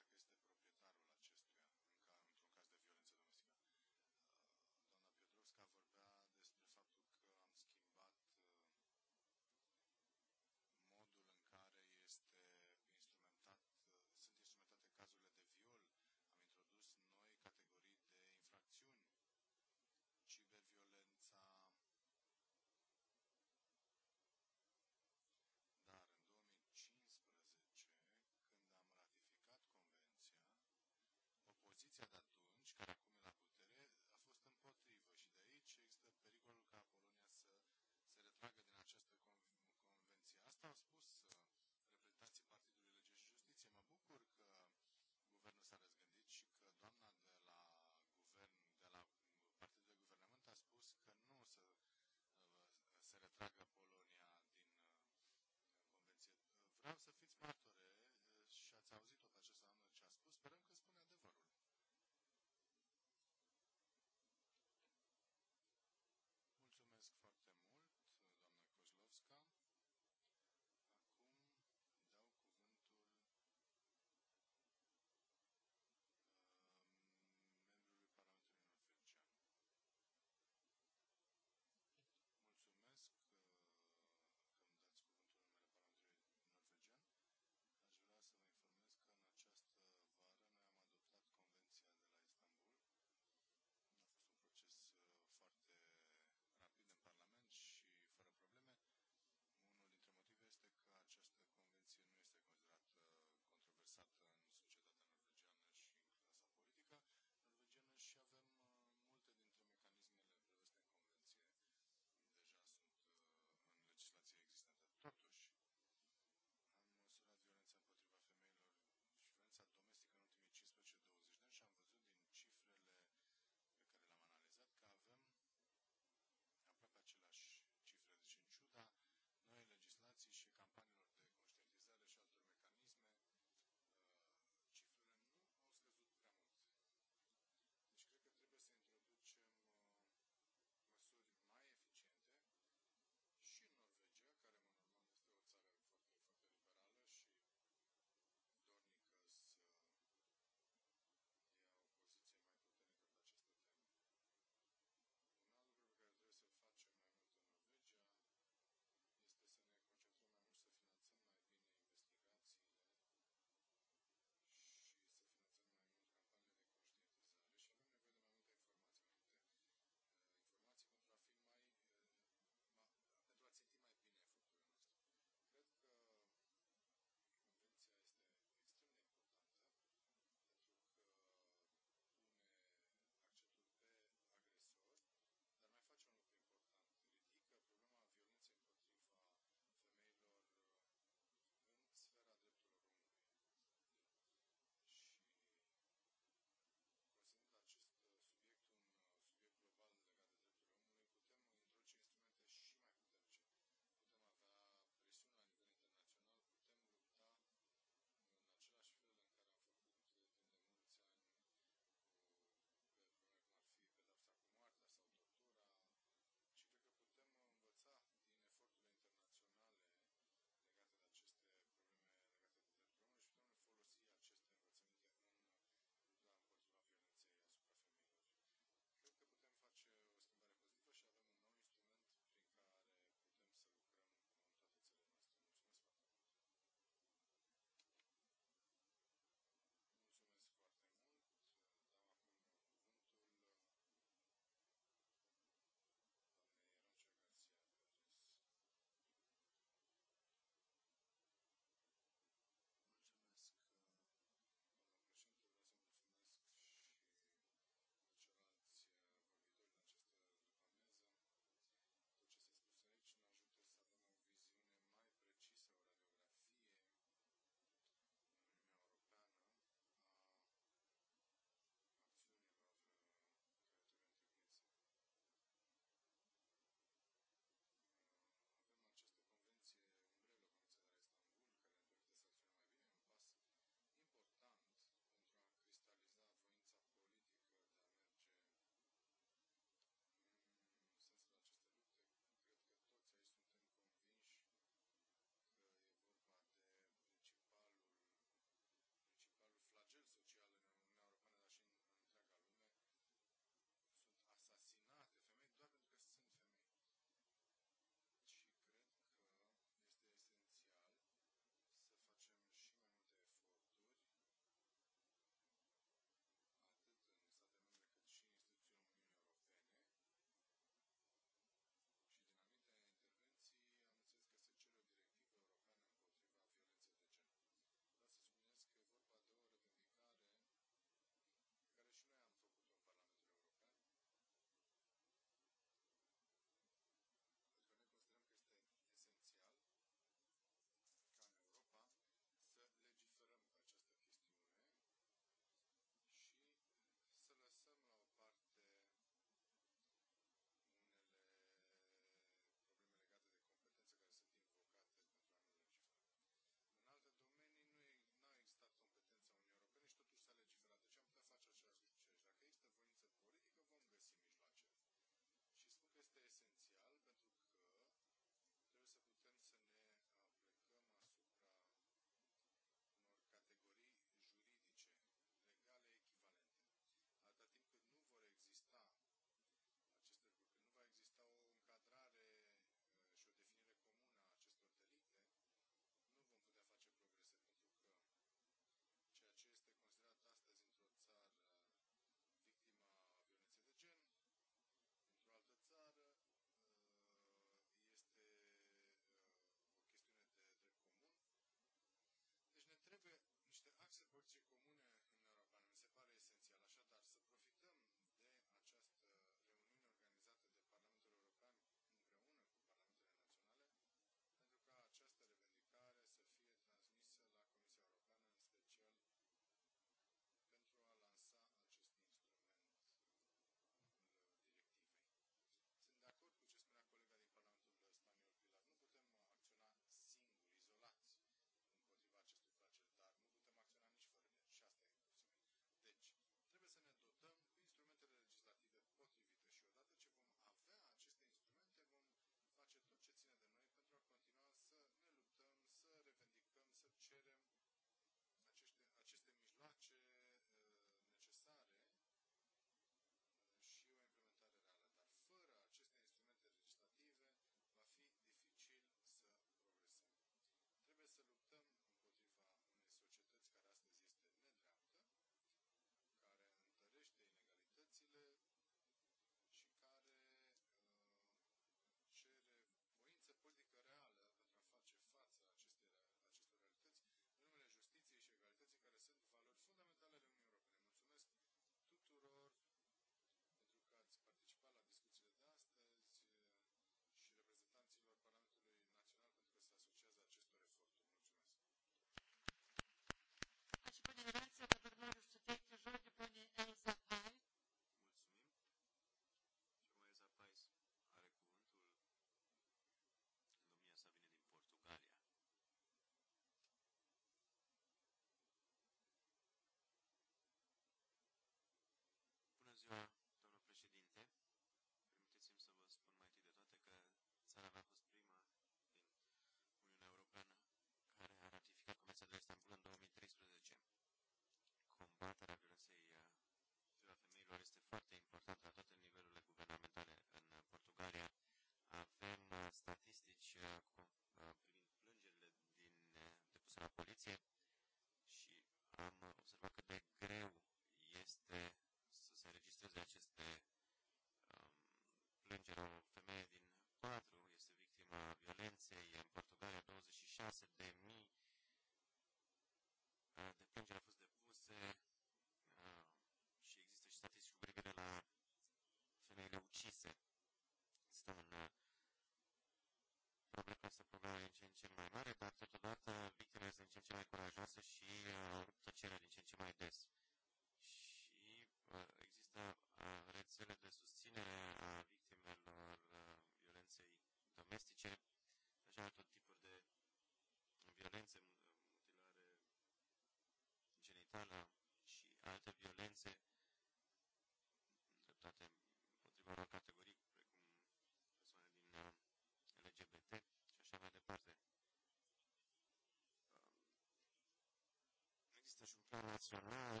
internațional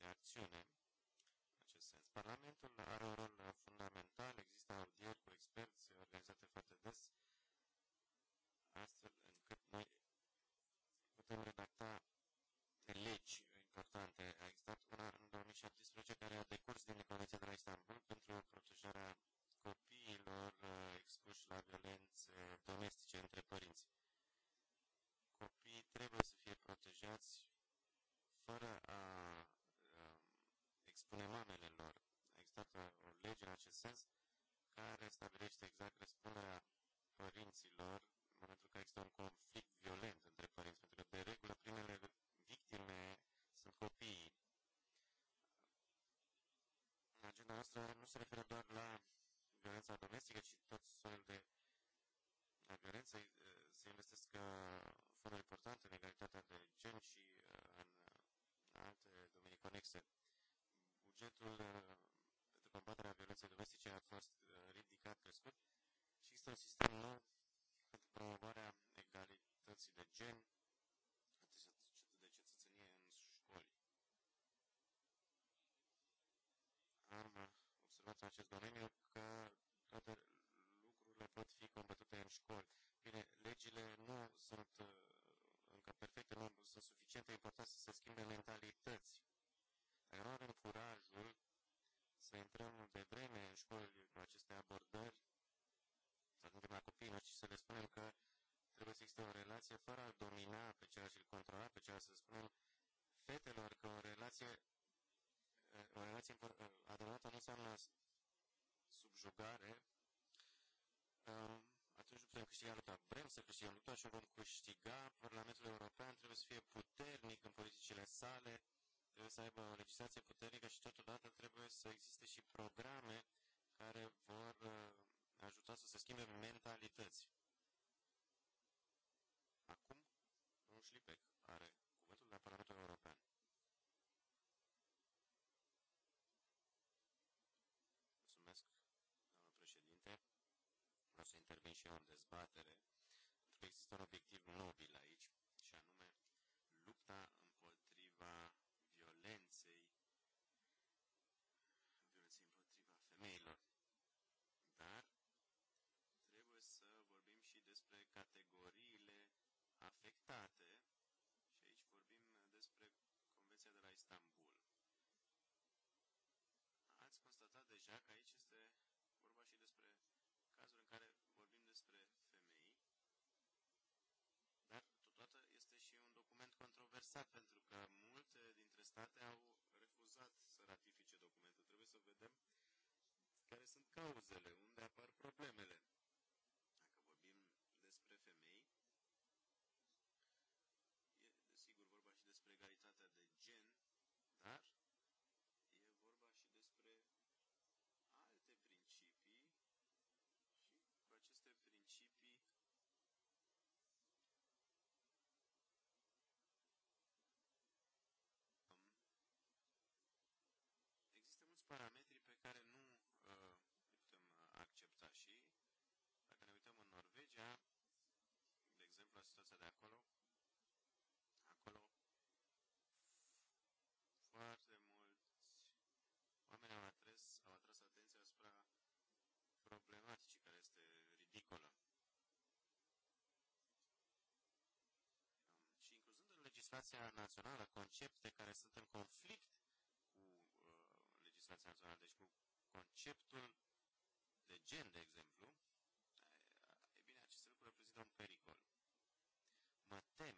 de acțiune. În acest sens, Parlamentul are un rol fundamental, există audieri cu experți organizate foarte des, astfel încât noi putem redacta legi importante. A existat una în 2017 care a decurs din Convenția de la Istanbul pe sens, care stabilește exact răspunderea părinților în momentul că există un conflict violent între părinți, pentru că de regulă primele victime sunt copiii. Agenda noastră nu se referă doar la violența domestică, ci tot soiul de violență se investesc uh, foarte important în egalitatea de gen și uh, în alte domenii conexe. Bugetul uh, combaterea violenței domestice a fost uh, ridicat, crescut și există un sistem nou pentru promovarea egalității de gen de cetățenie în școli. Am uh, observat în acest domeniu că toate lucrurile pot fi combătute în școli. Bine, legile nu sunt uh, încă perfecte, nu sunt suficiente, e important să se schimbe mentalități. Dar nu avem curajul să intrăm de vreme în școli cu aceste abordări, să ajungem la copiii noștri și să le spunem că trebuie să existe o relație fără a domina pe ceea și-l controla, pe ceea să spunem fetelor că o relație, o relație adevărată nu înseamnă subjugare, atunci nu putem câștiga lupta. Vrem să câștigăm lupta și o vom câștiga. Parlamentul European trebuie să fie puternic în politicile sale, trebuie să aibă o legislație puternică și totodată trebuie să existe și programe care vor uh, ajuta să se schimbe mentalități. Acum, un șlipec are cuvântul la Parlamentul European. Mulțumesc, doamnă președinte. Vreau să intervin și eu în dezbatere, pentru că există un obiectiv nobil aici, deja că aici este vorba și despre cazuri în care vorbim despre femei, dar totodată este și un document controversat, pentru că multe dintre state au refuzat să ratifice documentul. Trebuie să vedem care sunt cauzele, unde acolo. Acolo foarte mulți oameni au atras, au atras atenția asupra problematicii care este ridicolă. Și incluzând în legislația națională concepte care sunt în conflict cu uh, legislația națională, deci cu conceptul de gen, de exemplu, e bine, aceste lucruri reprezintă un pericol putem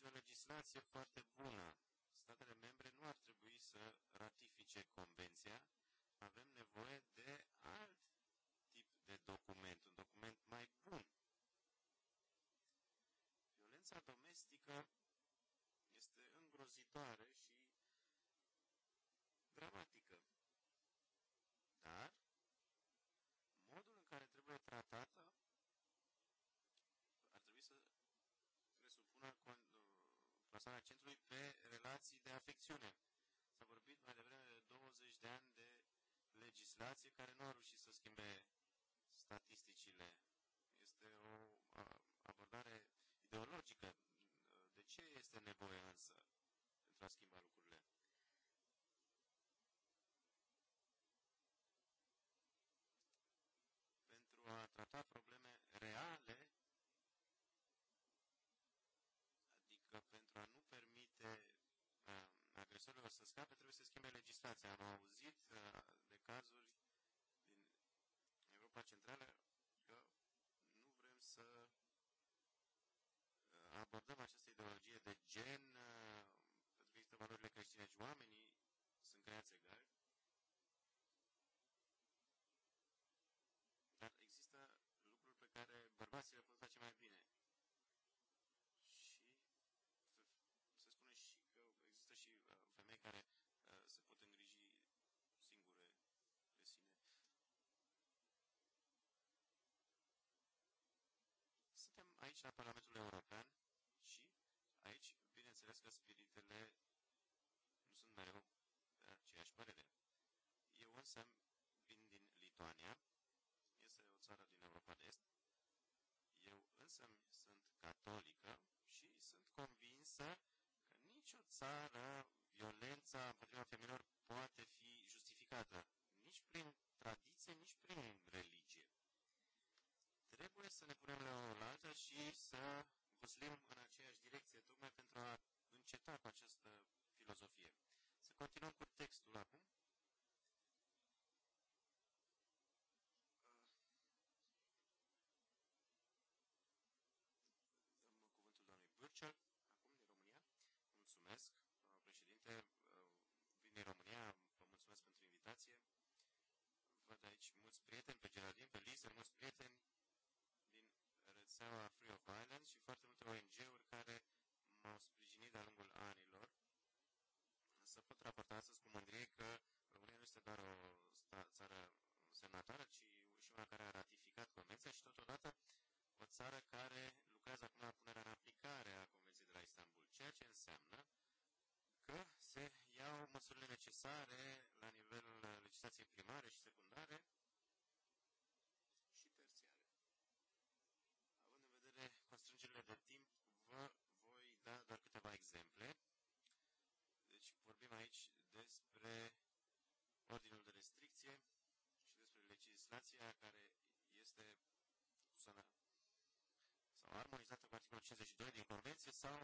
și o legislație foarte bună. Statele membre nu ar trebui să ratifice convenția. Avem nevoie de alt tip de document, un document mai bun. Violența domestică plasarea accentului pe relații de afecțiune. S-a vorbit mai devreme de 20 de ani de legislație care nu a reușit să schimbe statisticile. Este o abordare ideologică. De ce este nevoie însă pentru a schimba lucrurile? Pentru a trata probleme administrația. Am auzit uh, de cazuri din Europa Centrală că nu vrem să uh, abordăm această ideologie de gen, pentru că există valorile creștine și oamenii sunt creați egali suntem aici la Parlamentul European și aici, bineînțeles că spiritele nu sunt mereu de uh, aceeași părere. Eu însă vin din Lituania, este o țară din Europa de Est. Eu însă sunt catolică și sunt convinsă că nicio țară violența împotriva femeilor poate fi justificată, nici prin tradiție, nici prin religie. Trebuie să ne punem la această filozofie. Să continuăm cu textul acum. finanțare la nivel legislației primare și secundare și terțiare. Având în vedere constrângerile de timp, vă voi da doar câteva exemple. Deci vorbim aici despre ordinul de restricție și despre legislația care este sau armonizată cu articolul 52 din Convenție sau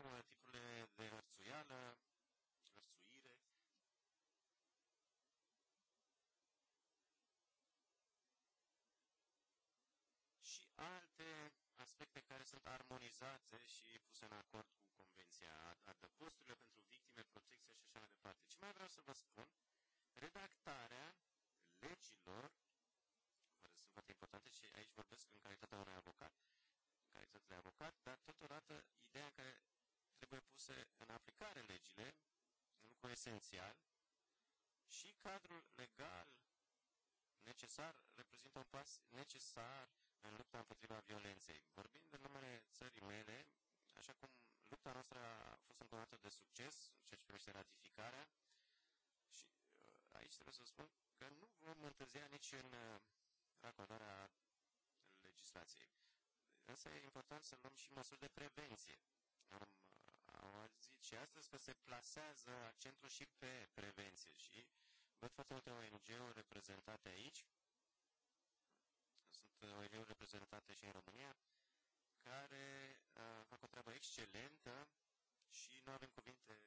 redactarea legilor, care sunt foarte importante și aici vorbesc în calitatea unui avocat, în calitate de avocat, dar totodată ideea în care trebuie puse în aplicare legile, un lucru esențial, și cadrul legal necesar reprezintă un pas necesar în lupta împotriva violenței. Vorbind de numele țării mele, așa cum lupta noastră a fost înconată de succes în ceea ce privește ratificarea, aici trebuie să spun că nu vom întârzia nici în uh, acordarea legislației. Însă e important să luăm și măsuri de prevenție. Am, uh, am auzit și astăzi că se plasează accentul și pe prevenție și văd foarte multe ONG-uri reprezentate aici, sunt uh, ONG-uri reprezentate și în România, care uh, fac o treabă excelentă și nu avem cuvinte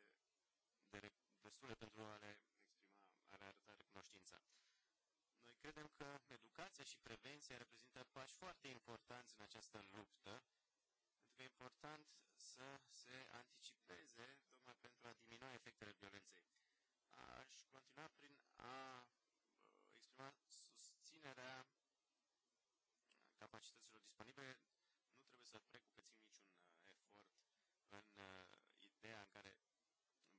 de, destule pentru a le concurență. Noi credem că educația și prevenția reprezintă pași foarte importanți în această luptă, pentru că e important să se anticipeze tocmai pentru a diminua efectele violenței. Aș continua prin a uh, exprima susținerea capacităților disponibile. Nu trebuie să precupețim niciun uh, efort în uh, ideea în care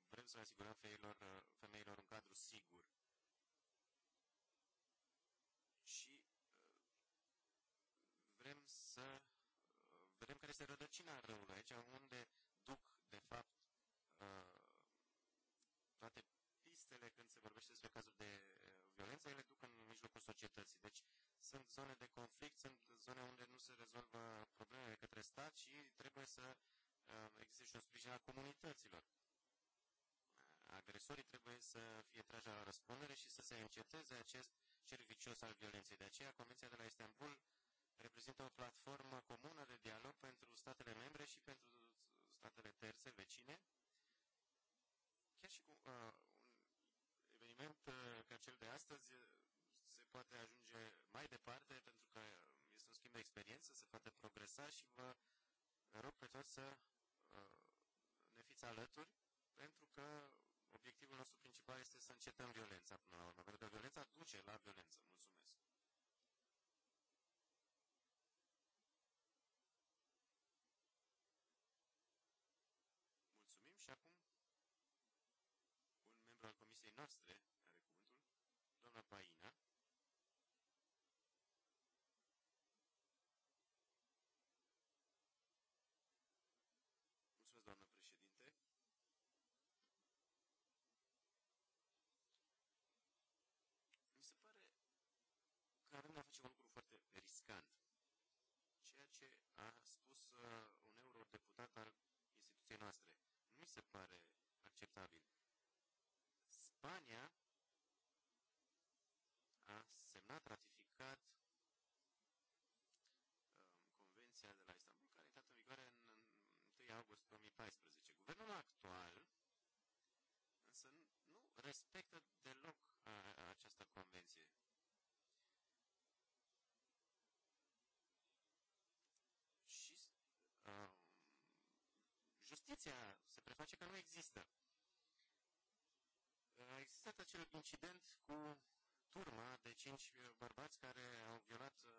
vrem să asigurăm femeilor, femeilor un cadru sigur este rădăcina răului, aici unde duc, de fapt, uh, toate pistele când se vorbește despre cazuri de uh, violență, ele duc în mijlocul societății. Deci sunt zone de conflict, sunt zone unde nu se rezolvă problemele către stat și trebuie să uh, existe și un sprijin comunităților. Agresorii trebuie să fie trași la răspundere și să se înceteze acest cer vicios al violenței. De aceea, Convenția de la Istanbul reprezintă o platformă comună de dialog pentru statele membre și pentru statele terțe, vecine, chiar și cu uh, un eveniment uh, ca cel de astăzi uh, se poate ajunge mai departe pentru că este un schimb de experiență, se poate progresa și vă rog pe toți să uh, ne fiți alături pentru că obiectivul nostru principal este să încetăm violența până la urmă, pentru că violența duce la violență. Mulțumesc! noastre, are cuvântul, doamna Paina, Mulțumesc, doamnă președinte. Mi se pare că avem de a face un lucru foarte riscant. Ceea ce a spus uh, un eurodeputat al instituției noastre nu mi se pare acceptabil. Germania a semnat, ratificat um, Convenția de la Istanbul, care a intrat în vigoare în 1 august 2014. Guvernul actual însă nu respectă deloc această convenție. Și uh, justiția se preface că nu există existat acel incident cu turma de cinci bărbați care au violat uh,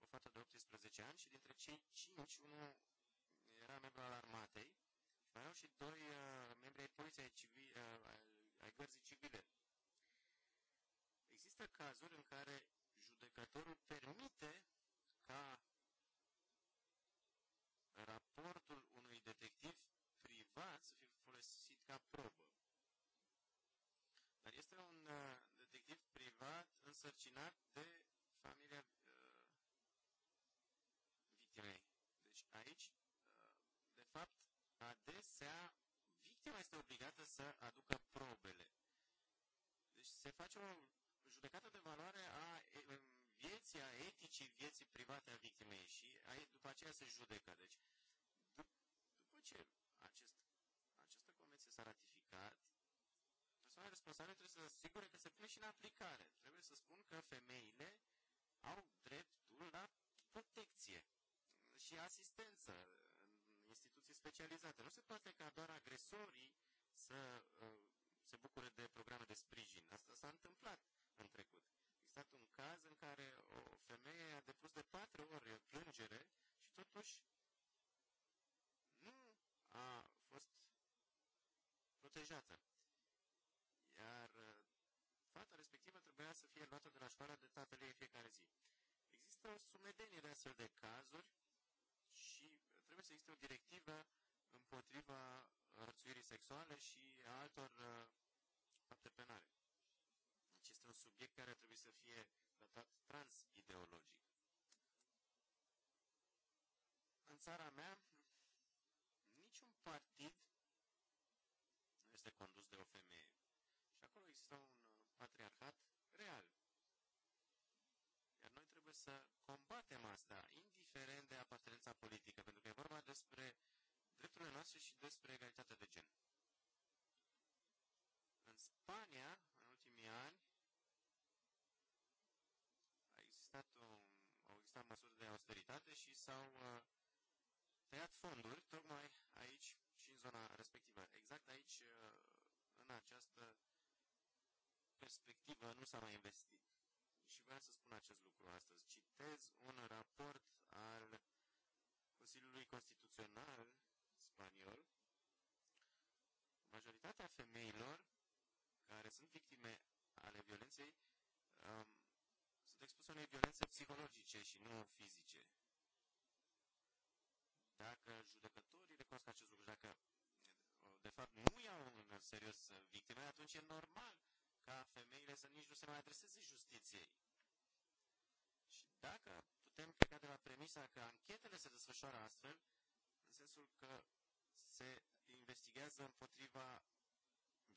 o fată de 18 ani și dintre cei cinci, unul era membru al armatei mai erau și doi uh, membri ai poliției civil, uh, ai gărzii civile. Există cazuri în care judecătorul permite ca raportul gestionat de familia uh, victimei. Deci aici, uh, de fapt, adesea victima este obligată să aducă probele. Deci se face o judecată de valoare a vieții, a eticii vieții private a victimei și după aceea se judecă. Deci, după ce responsabile trebuie să se asigure că se pune și în aplicare. Trebuie să spun că femeile au dreptul la protecție și asistență în instituții specializate. Nu se poate ca doar agresorii să uh, se bucure de programe de sprijin. Asta s-a întâmplat în trecut. Existat un caz în care o femeie a depus de patru ori plângere și totuși nu a fost protejată. școală de tatăl în fiecare zi. Există o sumedenie de astfel de cazuri și trebuie să existe o directivă împotriva uh, hărțuirii sexuale și a altor fapte uh, penale. Deci este un subiect care trebuie să fie tratat transideologic. În țara mea, niciun partid nu este condus de o femeie. Și acolo există un uh, patriarhat să combatem asta, indiferent de apartenența politică, pentru că e vorba despre drepturile noastre și despre egalitatea de gen. În Spania, în ultimii ani, a existat o, au existat măsuri de austeritate și s-au uh, tăiat fonduri, tocmai aici și în zona respectivă. Exact aici, uh, în această perspectivă, nu s-a mai investit și vreau să spun acest lucru astăzi. Citez un raport al Consiliului Constituțional spaniol. Majoritatea femeilor care sunt victime ale violenței um, sunt expuse unei violențe psihologice și nu fizice. Dacă judecătorii recunosc acest lucru, dacă de fapt nu iau în serios victimele, atunci e normal ca femeile să nici nu se mai adreseze justiției. Și dacă putem pleca de la premisa că anchetele se desfășoară astfel, în sensul că se investigează împotriva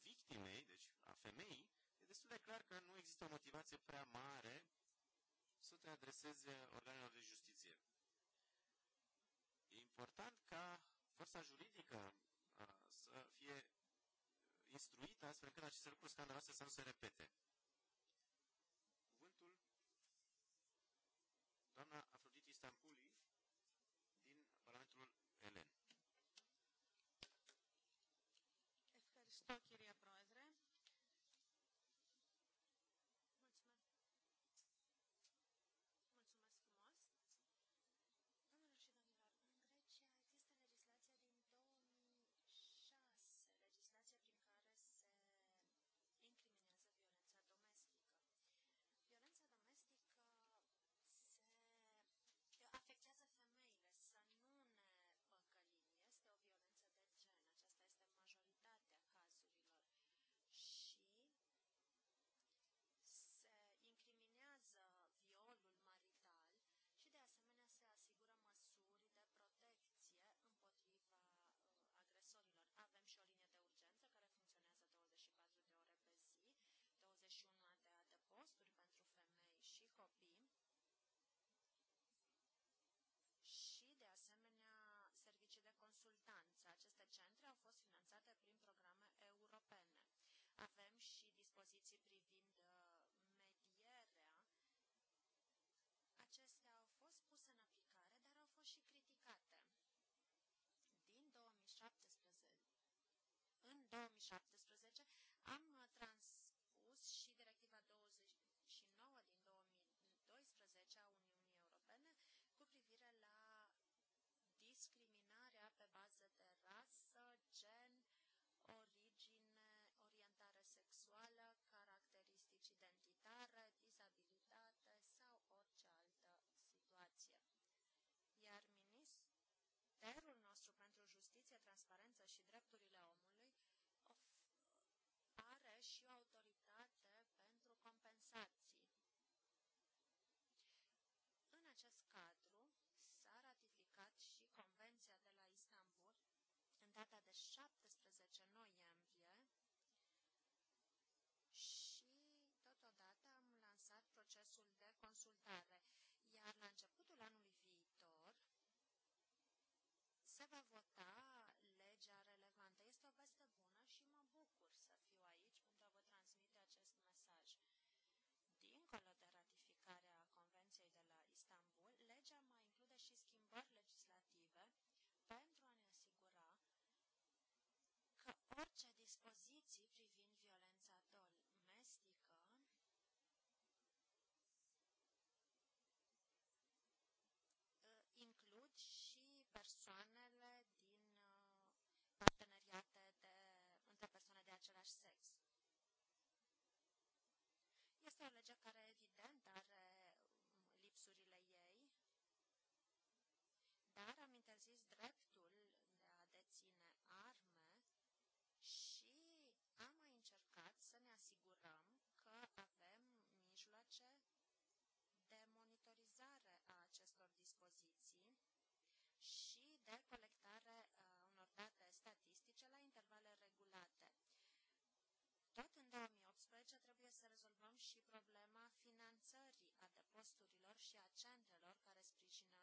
victimei, deci a femeii, e destul de clar că nu există o motivație prea mare să te adreseze organelor de justiție. E important ca forța juridică uh, să fie instruită astfel încât aceste lucruri scandaloase să nu se repete. Cuvântul doamna 2017 și o autoritate pentru compensații. În acest cadru s-a ratificat și Convenția de la Istanbul în data de 17 noiembrie și totodată am lansat procesul de consultare, iar la începutul anului viitor se va vota este o care, și problema finanțării adăposturilor și a centrelor care sprijină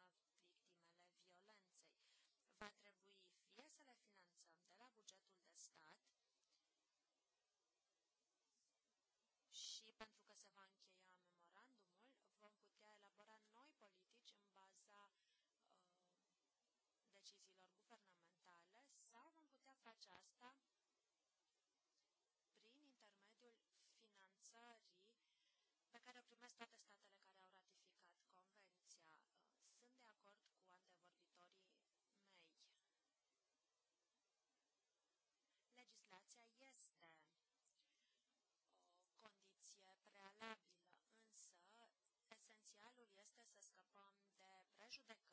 judecători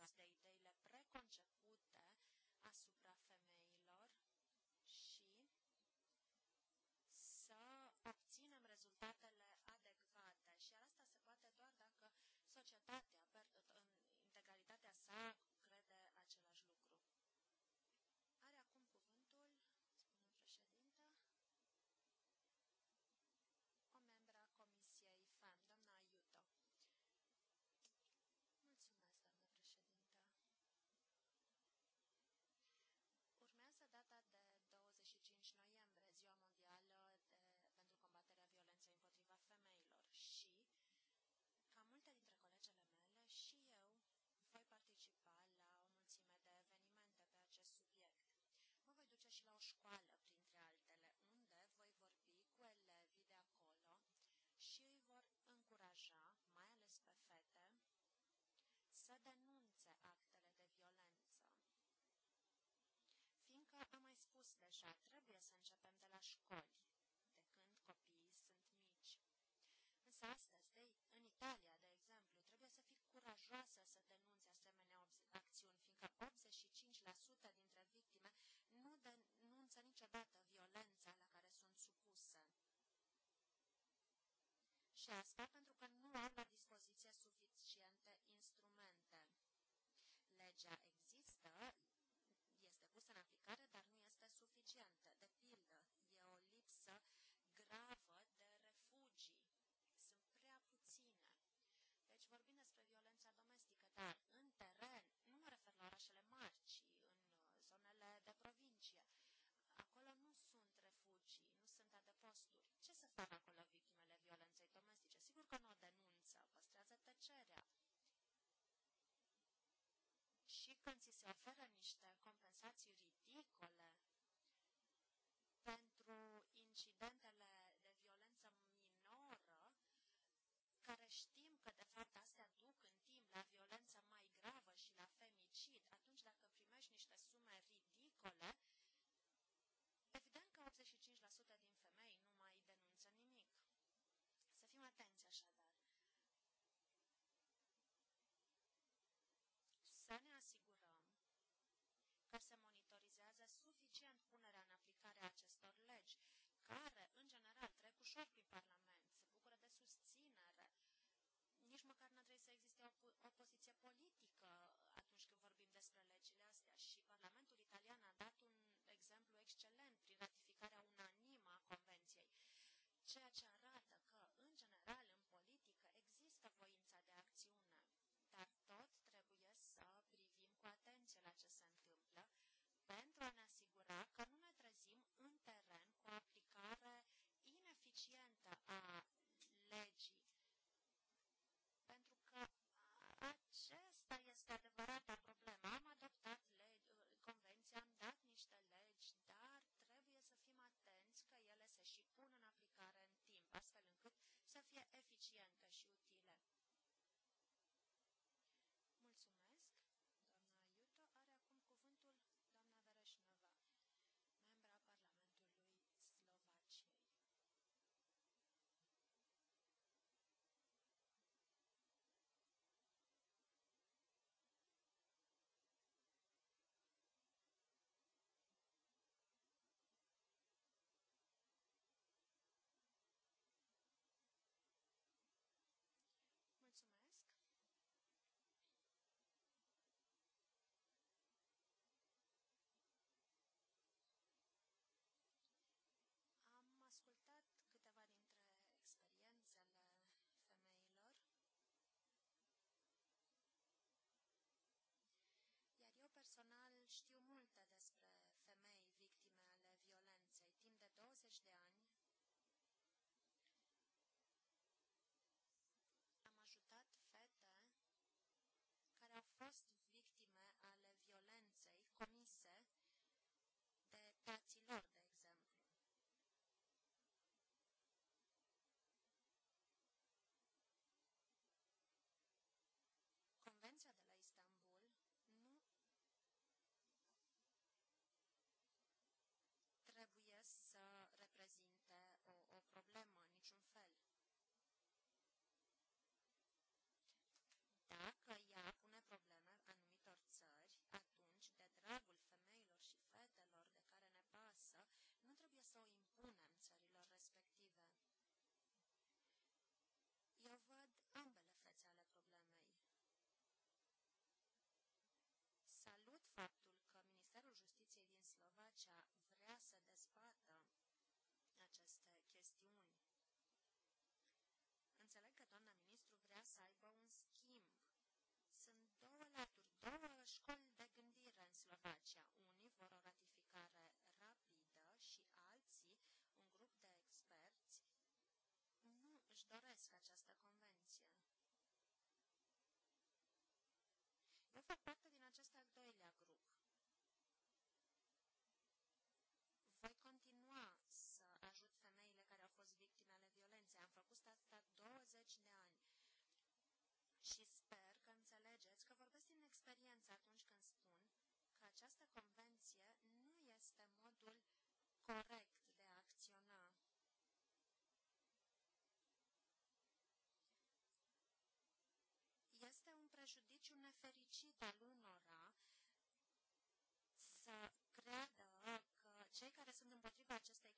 aceea trebuie să începem de la școli, de când copiii sunt mici. Însă astăzi, de, în Italia, de exemplu, trebuie să fii curajoasă să denunți asemenea acțiuni, fiindcă 85% dintre victime nu denunță niciodată violența la care sunt supuse. Și asta pentru că nu au la dispoziție plăcerea. Și când ți se oferă niște compensații ridicole pentru incidente șefii Parlament, se bucură de susținere. Nici măcar nu trebuie să existe o, opoziție politică Știu multe de școli de gândire în Slovacia. Unii vor o ratificare rapidă și alții, un grup de experți, nu își doresc această convenție. Eu fac parte din convenție nu este modul corect de a acționa. Este un prejudiciu nefericit al unora să creadă că cei care sunt împotriva acestei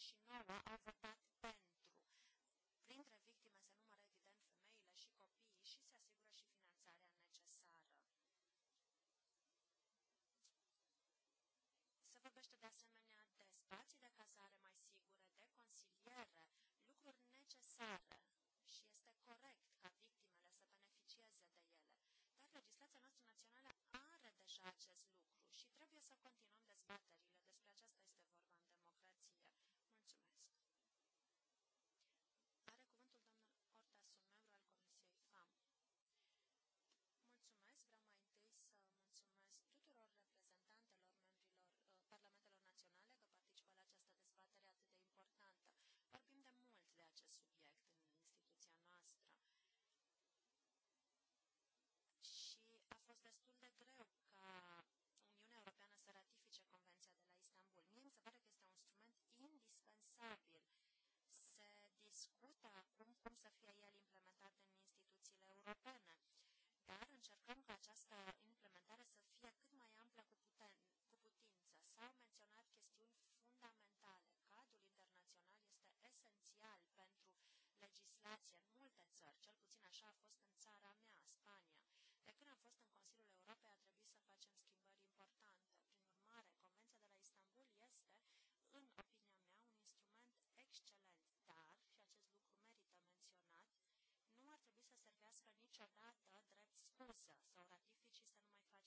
29 au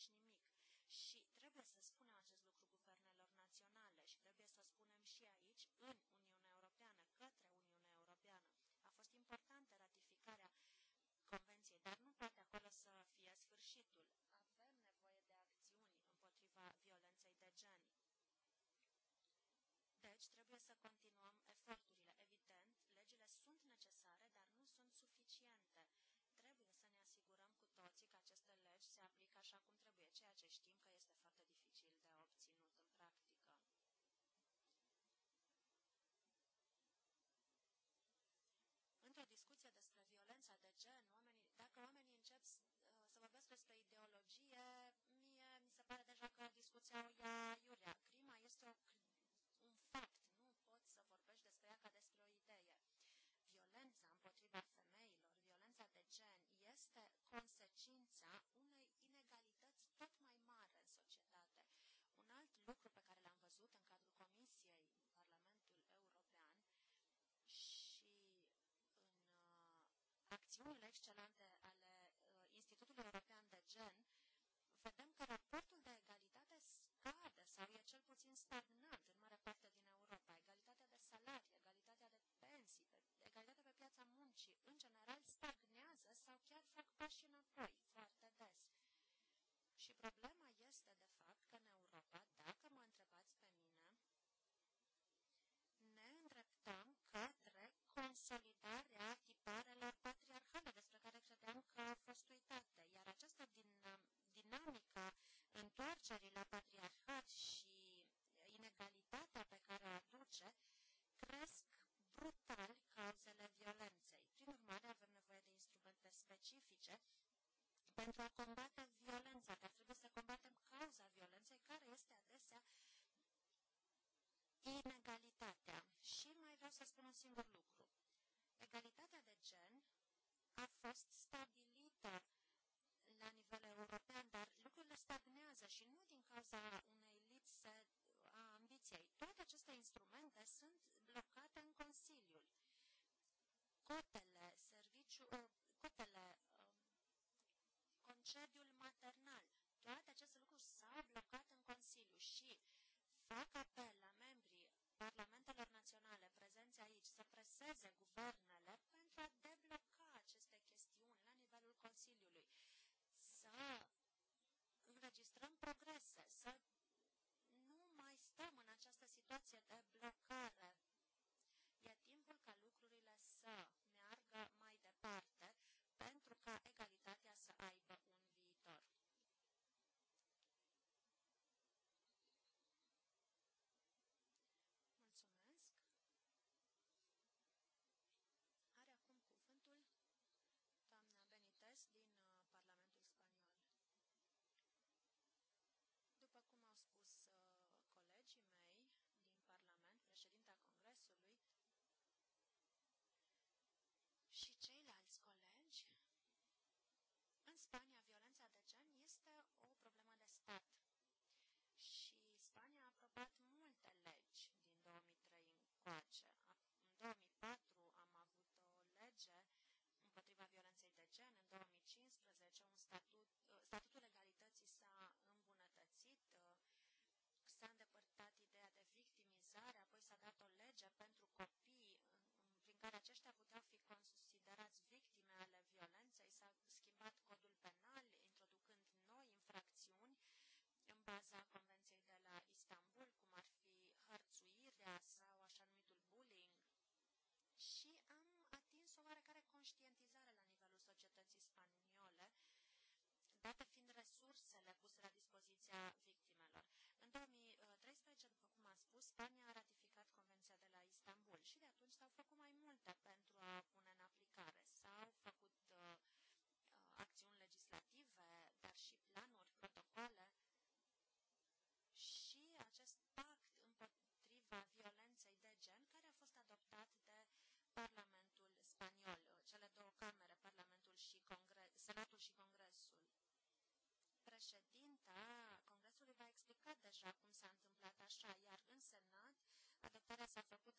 faci nimic. Și trebuie să spunem acest lucru guvernelor naționale și trebuie să spunem și aici, în Uniunea Europeană, către Uniunea Europeană. A fost importantă ratificarea convenției, dar nu poate acolo să fie sfârșitul. Avem nevoie de acțiuni împotriva violenței de gen. Deci trebuie să continuăm efortul. lucrurile excelente ale uh, Institutului European de Gen, vedem că raportul de egalitate scade sau e cel puțin stagnant să combată s-a făcut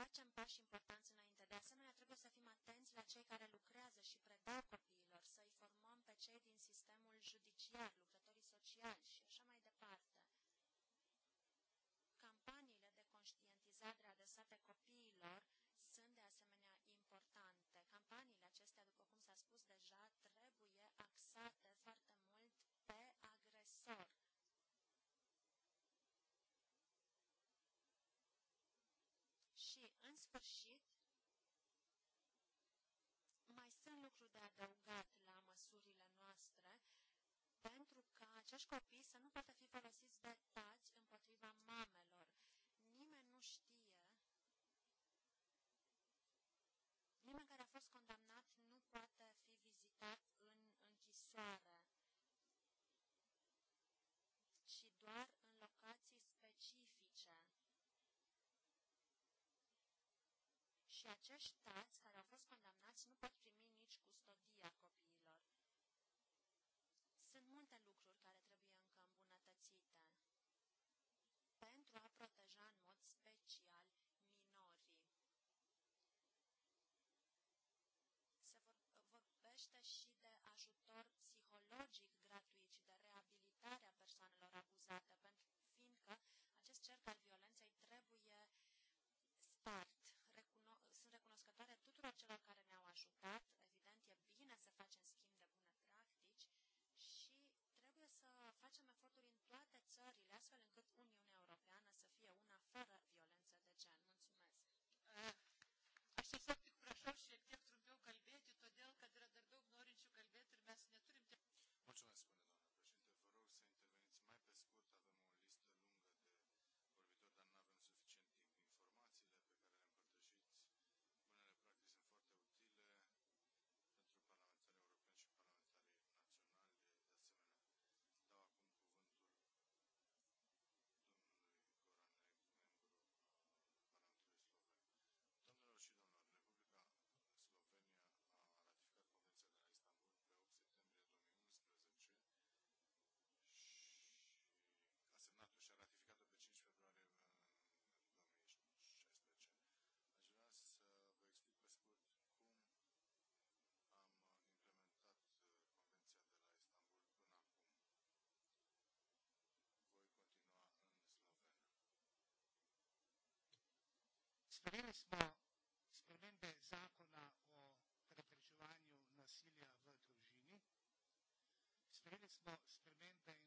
facem pași importanți înainte. De asemenea, trebuie să fim atenți la cei care lucrează și predau copiilor, să-i formăm pe cei din sistemul judiciar, lucrătorii sociali sfârșit, mai sunt lucruri de adăugat la măsurile noastre pentru ca acești copii să nu poată fi folosiți de acești tați care au fost condamnați nu pot primi nici custodia copiilor. Sunt multe lucruri care trebuie încă îmbunătățite pentru a proteja în mod special minorii. Se vorbește și Sprejeli smo spremembe zakona o preprečevanju nasilja v družini, sprejeli smo spremembe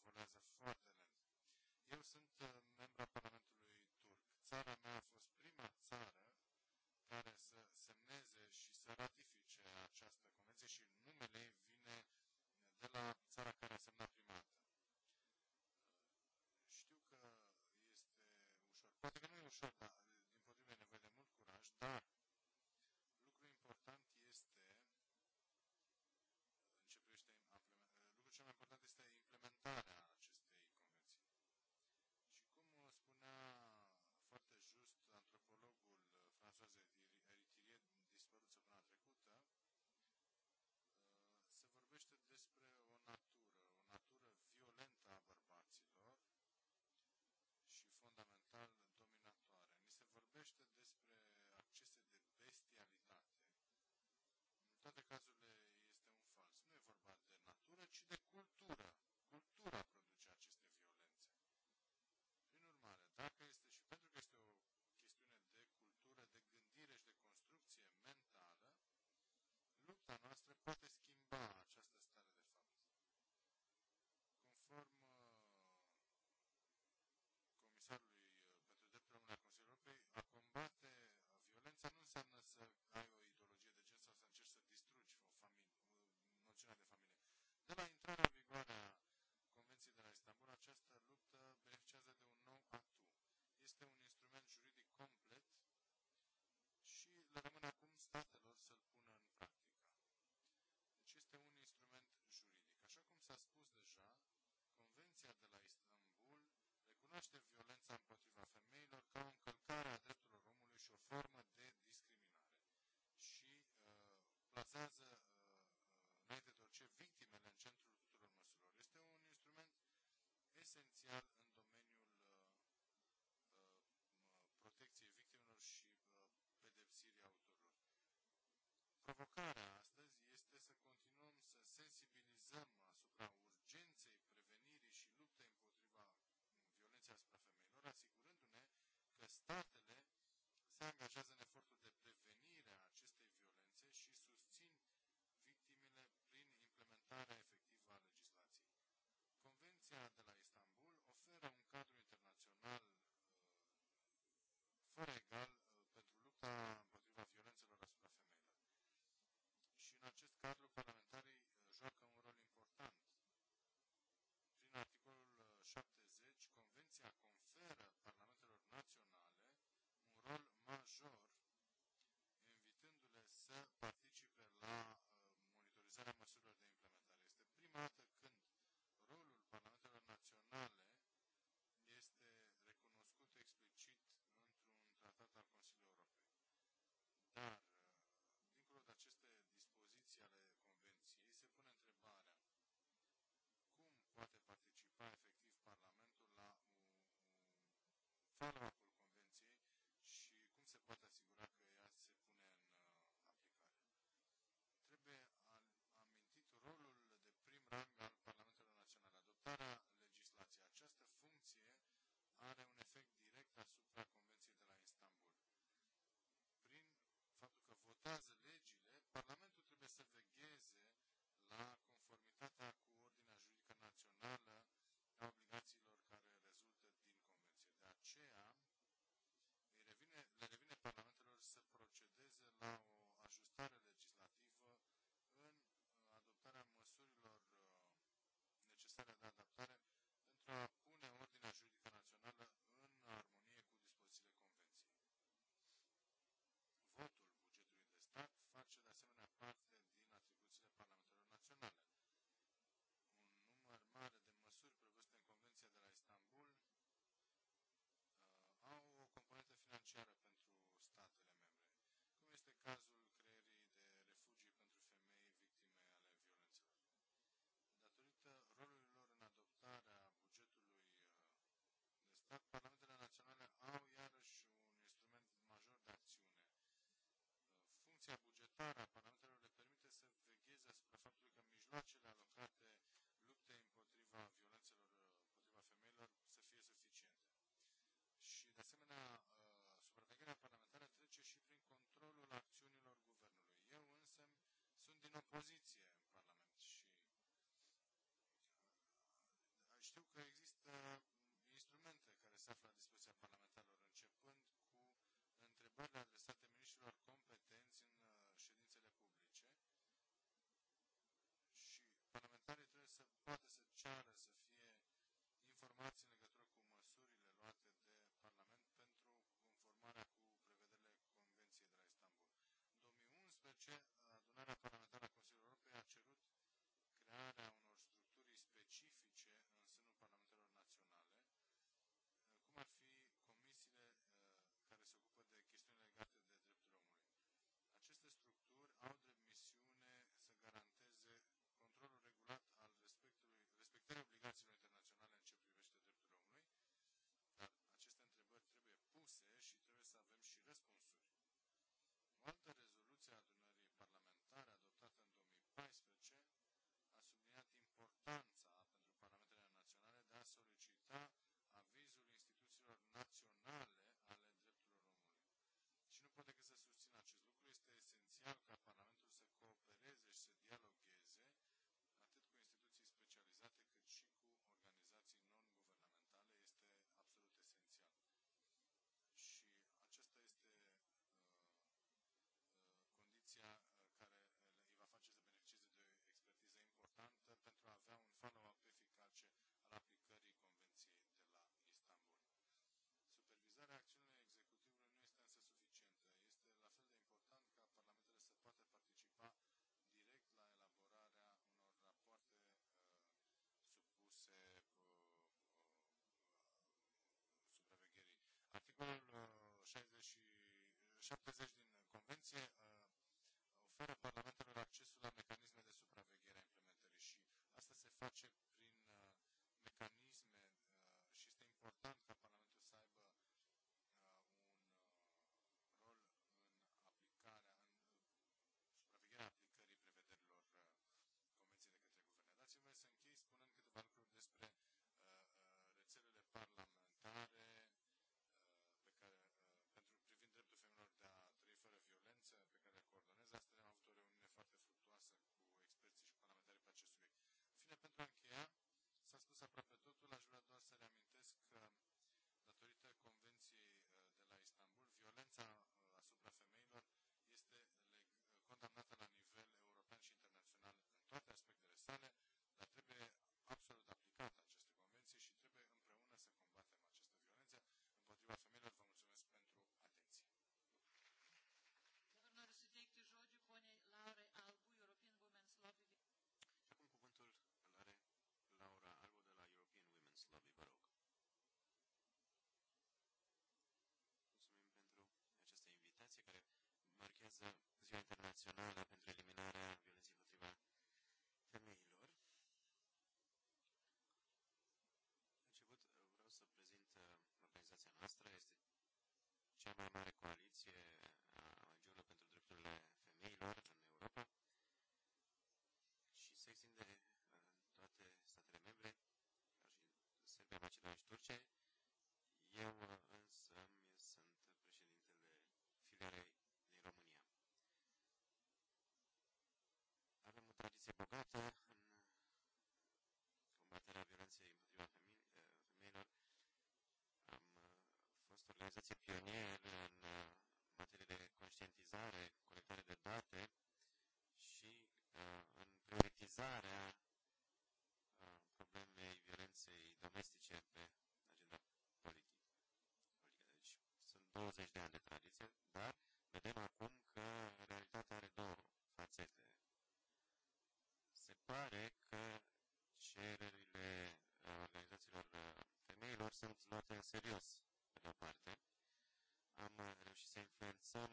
evoluează foarte lent. Eu sunt uh, membra Parlamentului Turc. Țara mea a fost prima țară care să semneze și să ratifice această convenție și numele ei vine de la țara care a semnat prima dată. Uh, știu că este ușor. Poate că nu e ușor, dar din potrivă e nevoie de mult curaj, dar felul Bye. 70 din Convenție uh, oferă Parlamentului Națională pentru Eliminarea Violenței împotriva Femeilor. Început, uh, vreau să prezint uh, organizația noastră. Este cea mai mare coaliție abordarea problemei violenței domestice pe agenda politică. Deci sunt 20 de ani de tradiție, dar vedem acum că realitatea are două fațete. Se pare că cererile uh, organizațiilor uh, femeilor sunt luate în serios, pe de o parte. Am uh, reușit să influențăm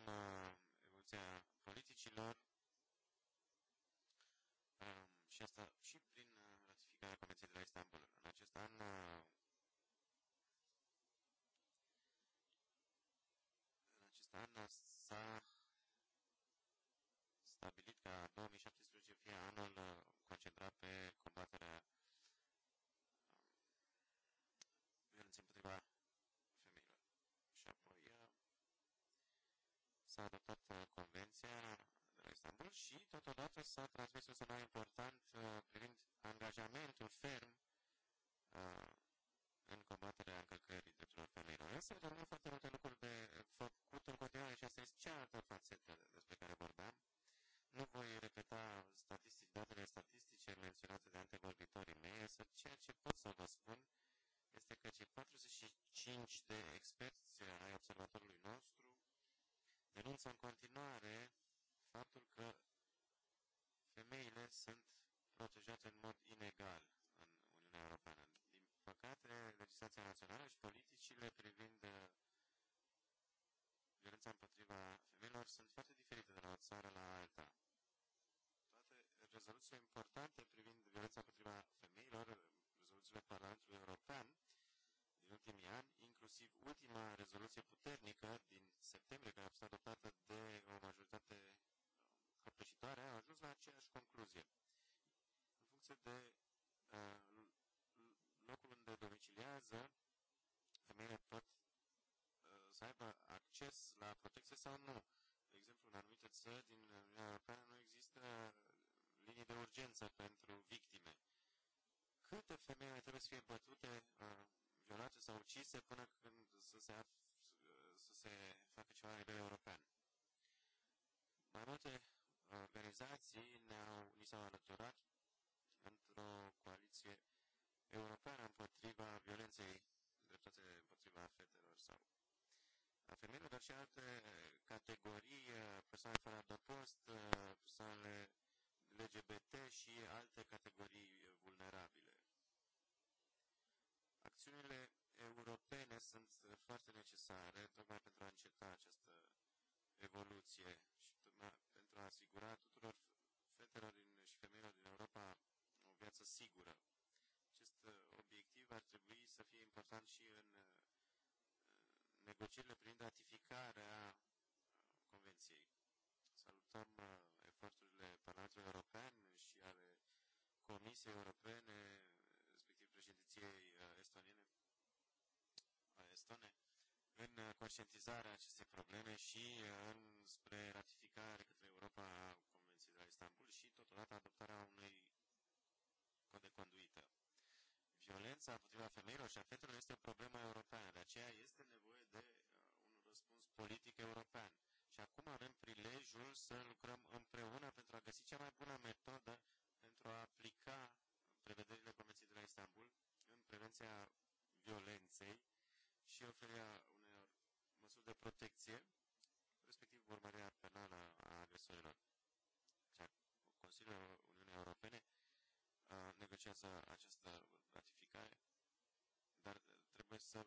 s-a adoptat uh, Convenția la Istanbul și totodată s-a transmis un semnal important uh, privind angajamentul ferm uh, în combaterea încălcării drepturilor femeilor. Însă rămân foarte multe lucruri de făcut în continuare și asta este cealaltă fațetă despre care vorbeam. Nu voi repeta statistic, datele statistice menționate de antevorbitorii mei, însă ceea ce pot să vă spun este că cei 45 de experți însă în continuare faptul că femeile sunt protejate în mod inegal în Uniunea Europeană. Din păcate, legislația națională și politicile privind uh, violența împotriva femeilor sunt foarte diferite de la o țară la alta. Toate rezoluțiile importante privind violența împotriva femeilor, rezoluțiile Parlamentului European, din ultimii ani, inclusiv ultima rezoluție puternică din septembrie, care a fost adoptată de o majoritate copleșitoare, a ajuns la aceeași concluzie. În funcție de uh, locul unde domiciliază, femeile pot uh, să aibă acces la protecție sau nu. De exemplu, în anumite țări din Uniunea Europeană nu există linii de urgență pentru victime câte femei trebuie să fie bătute uh, spionate sau ucise până când să se, să se facă ceva la nivel european. Mai multe organizații ne-au, ni s-au alăturat într-o coaliție europeană împotriva violenței dreptate împotriva fetelor sau a femeilor, dar și alte categorii, persoane fără adăpost, persoanele LGBT și alte categorii vulnerabile. Acțiunile europene sunt foarte necesare, tocmai pentru a înceta această evoluție și pentru a asigura tuturor fetelor din, și femeilor din Europa o viață sigură. Acest uh, obiectiv ar trebui să fie important și în uh, negocierile privind ratificarea Convenției. Salutăm uh, eforturile Parlamentului European și ale Comisiei Europene, respectiv președinției în uh, conștientizarea acestei probleme și uh, în spre ratificare către Europa a Convenției de la Istanbul și totodată adoptarea unui cod de conduită. Violența împotriva femeilor și a fetelor este o problemă europeană, de aceea este nevoie de uh, un răspuns politic european. Și acum avem prilejul să lucrăm împreună pentru a găsi cea mai bună metodă pentru a aplica prevederile Convenției de la Istanbul în prevenția violenței și oferirea măsuri de protecție, respectiv urmărirea penală a agresorilor. Consiliul Uniunii Europene uh, negociază această ratificare, dar trebuie să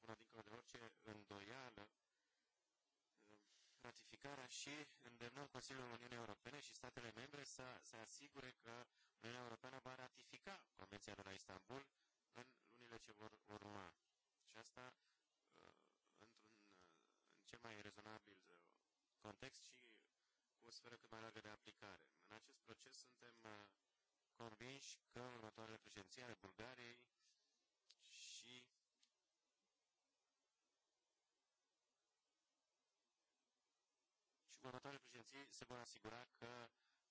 pună dincolo de orice îndoială uh, ratificarea și îndemnăm Consiliul Uniunii Europene și statele membre să se asigure că Uniunea Europeană va ratifica Convenția de la Istanbul în lunile ce vor urma. Și asta cel mai rezonabil uh, context și cu o sferă cât mai largă de aplicare. În acest proces suntem uh, convinși că următoarele președinții ale Bulgariei și și următoarele președinții se vor asigura că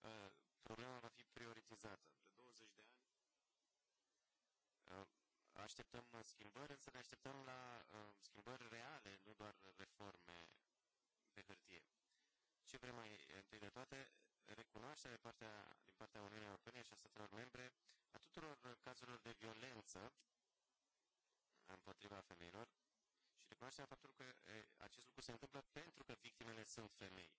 uh, problema va fi prioritizată. De 20 de ani uh, Așteptăm schimbări, însă ne așteptăm la uh, schimbări reale, nu doar reforme pe hârtie. Ce vrem mai întâi de toate, recunoașterea partea, din partea Uniunii Europene și a statelor membre a tuturor cazurilor de violență împotriva femeilor și recunoașterea faptului că e, acest lucru se întâmplă pentru că victimele sunt femei.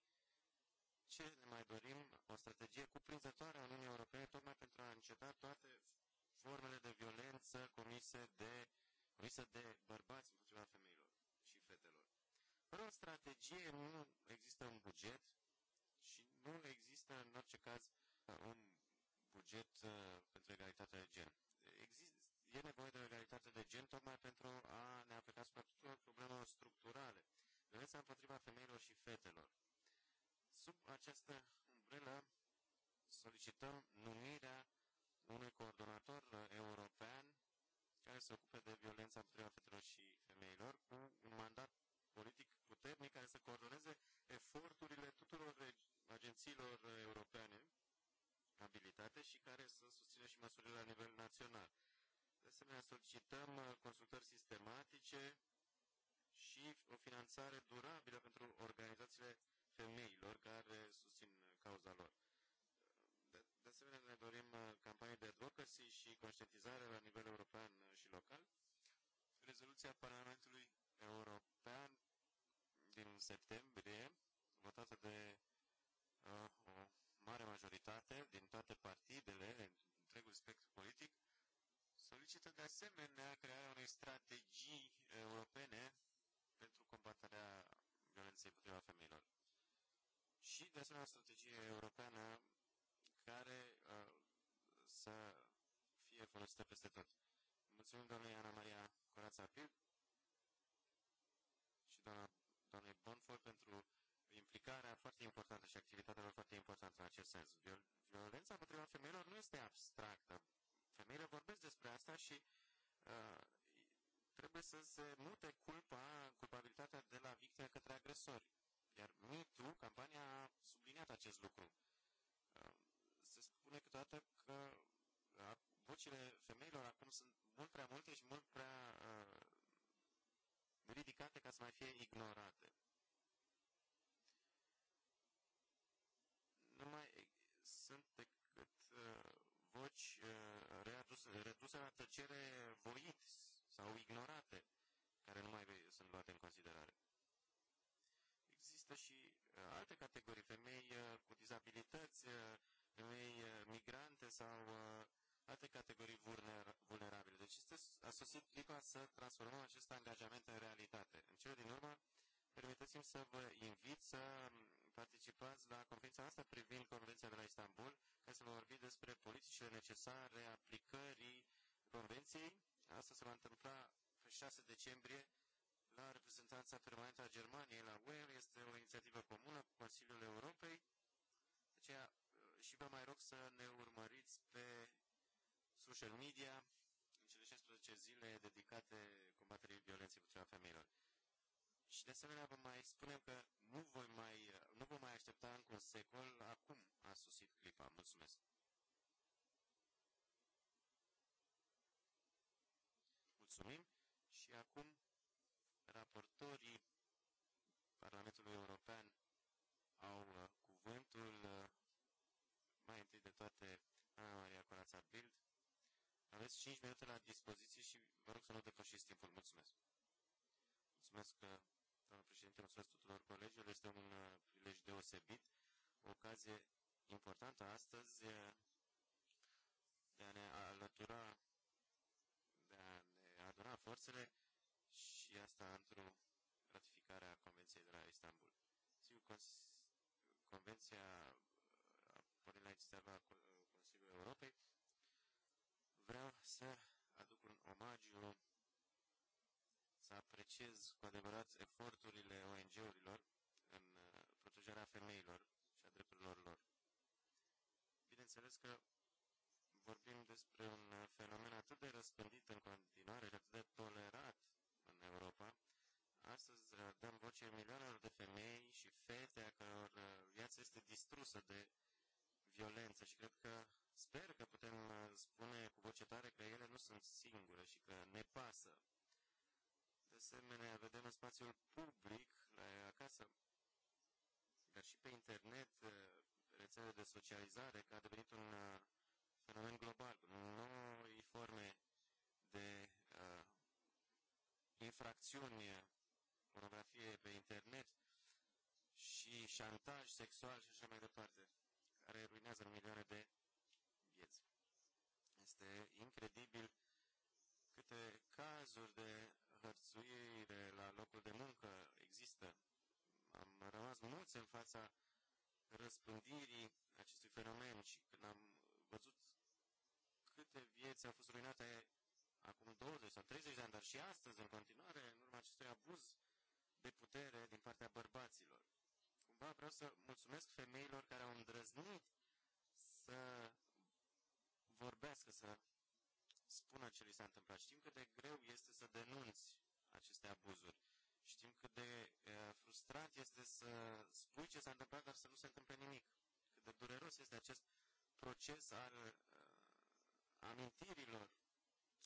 Ce ne mai dorim? O strategie cuprinzătoare a Uniunii Europene tocmai pentru a înceta toate formele de violență comise de, comise de bărbați împotriva femeilor și fetelor. Fără o strategie nu există un buget și nu există în orice caz un buget uh, pentru egalitatea de gen. Exist, e nevoie de o egalitate de gen tocmai pentru a ne aplica asupra tuturor problemelor structurale. Violența împotriva femeilor și fetelor. Sub această umbrelă solicităm numirea unui coordonator uh, european care se ocupe de violența împotriva fetelor și femeilor, cu un mandat politic puternic care să coordoneze eforturile tuturor agențiilor uh, europene abilitate și care să susțină și măsurile la nivel național. De asemenea, solicităm uh, consultări sistematice și o finanțare durabilă pentru organizațiile femeilor care susțin cauza lor asemenea, ne dorim uh, campanii de advocacy și conștientizare la nivel european uh, și local. Rezoluția Parlamentului European din septembrie, votată de uh, o mare majoritate din toate partidele, din întregul spectru politic, solicită de asemenea crearea unei strategii europene pentru combaterea violenței împotriva femeilor. Și, de asemenea, o strategie europeană care uh, să fie folosită peste tot. Mulțumim doamnei Ana Maria Corața Pil și doamna, doamnei Bonfor pentru implicarea foarte importantă și activitatea lor foarte importantă în acest sens. Viol violența împotriva femeilor nu este abstractă. Femeile vorbesc despre asta și uh, trebuie să se mute culpa, culpabilitatea de la victime către agresori. Iar MeToo, campania a subliniat acest lucru spune câteodată că uh, vocile femeilor acum sunt mult prea multe și mult prea uh, ridicate ca să mai fie ignorate. Nu mai sunt decât uh, voci uh, readuse, reduse la tăcere voit sau ignorate, care nu mai sunt luate în considerare. Există și uh, alte categorii, femei uh, cu dizabilități, uh, femei eh, migrante sau eh, alte categorii vulnerabile. Deci este, a sosit clipa să transformăm acest angajament în realitate. În cele din urmă, permiteți-mi să vă invit să mm, participați la conferința noastră privind Convenția de la Istanbul, ca să vă vorbi despre politicile necesare aplicării Convenției. Asta se va întâmpla pe 6 decembrie la reprezentanța permanentă a Germaniei la UE. Este o inițiativă comună cu Consiliul Europei. De aceea și vă mai rog să ne urmăriți pe social media în cele 16 zile dedicate combaterii violenței împotriva femeilor. Și de asemenea vă mai spunem că nu, voi mai, nu vom mai aștepta încă un secol, acum a susit clipa. Mulțumesc! Mulțumim și acum raportorii de Maria Corața Bild. Aveți 5 minute la dispoziție și vă rog să nu depășiți timpul. Mulțumesc! Mulțumesc, uh, doamnă președinte, mulțumesc tuturor colegilor. Este un uh, prilej deosebit, o ocazie importantă astăzi uh, de a ne alătura, de a ne aduna forțele și asta într-o ratificare a Convenției de la Istanbul. Sigur, Convenția a pornit la vreau să aduc un omagiu, să apreciez cu adevărat eforturile ONG-urilor în uh, protejarea femeilor și a drepturilor lor. Bineînțeles că vorbim despre un uh, fenomen atât de răspândit în continuare și atât de tolerat în Europa, astăzi uh, dăm voce milioanelor de femei și fete a căror viața este distrusă de violență și cred că sper că putem uh, spune cu voce tare că ele nu sunt singure și că ne pasă. De asemenea, vedem în spațiul public, la acasă, dar și pe internet, uh, rețele de socializare, că a devenit un uh, fenomen global, cu noi forme de uh, infracțiuni, pornografie pe internet și șantaj sexual și așa mai departe care ruinează milioane de vieți. Este incredibil câte cazuri de hărțuire la locul de muncă există. Am rămas mulți în fața răspândirii acestui fenomen și când am văzut câte vieți au fost ruinate acum 20 sau 30 de ani, dar și astăzi, în continuare, în urma acestui abuz de putere din partea bărbaților doua vreau să mulțumesc femeilor care au îndrăznit să vorbească, să spună ce li s-a întâmplat. Știm cât de greu este să denunți aceste abuzuri. Știm cât de uh, frustrant este să spui ce s-a întâmplat, dar să nu se întâmple nimic. Cât de dureros este acest proces al uh, amintirilor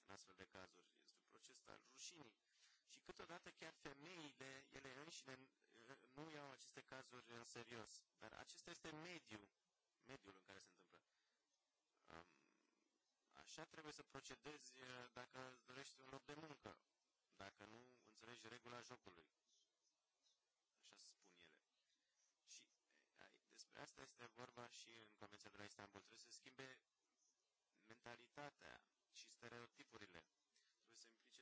în astfel de cazuri. Este un proces al rușinii. Și câteodată chiar femeile, ele înșine, nu iau aceste cazuri în serios. Dar acesta este mediul, mediul în care se întâmplă. Așa trebuie să procedezi uh, dacă îți dorești un loc de muncă, dacă nu înțelegi regula jocului. Așa spun ele. Și uh, despre asta este vorba și în Convenția de la Istanbul. Trebuie să schimbe mentalitatea și stereotipurile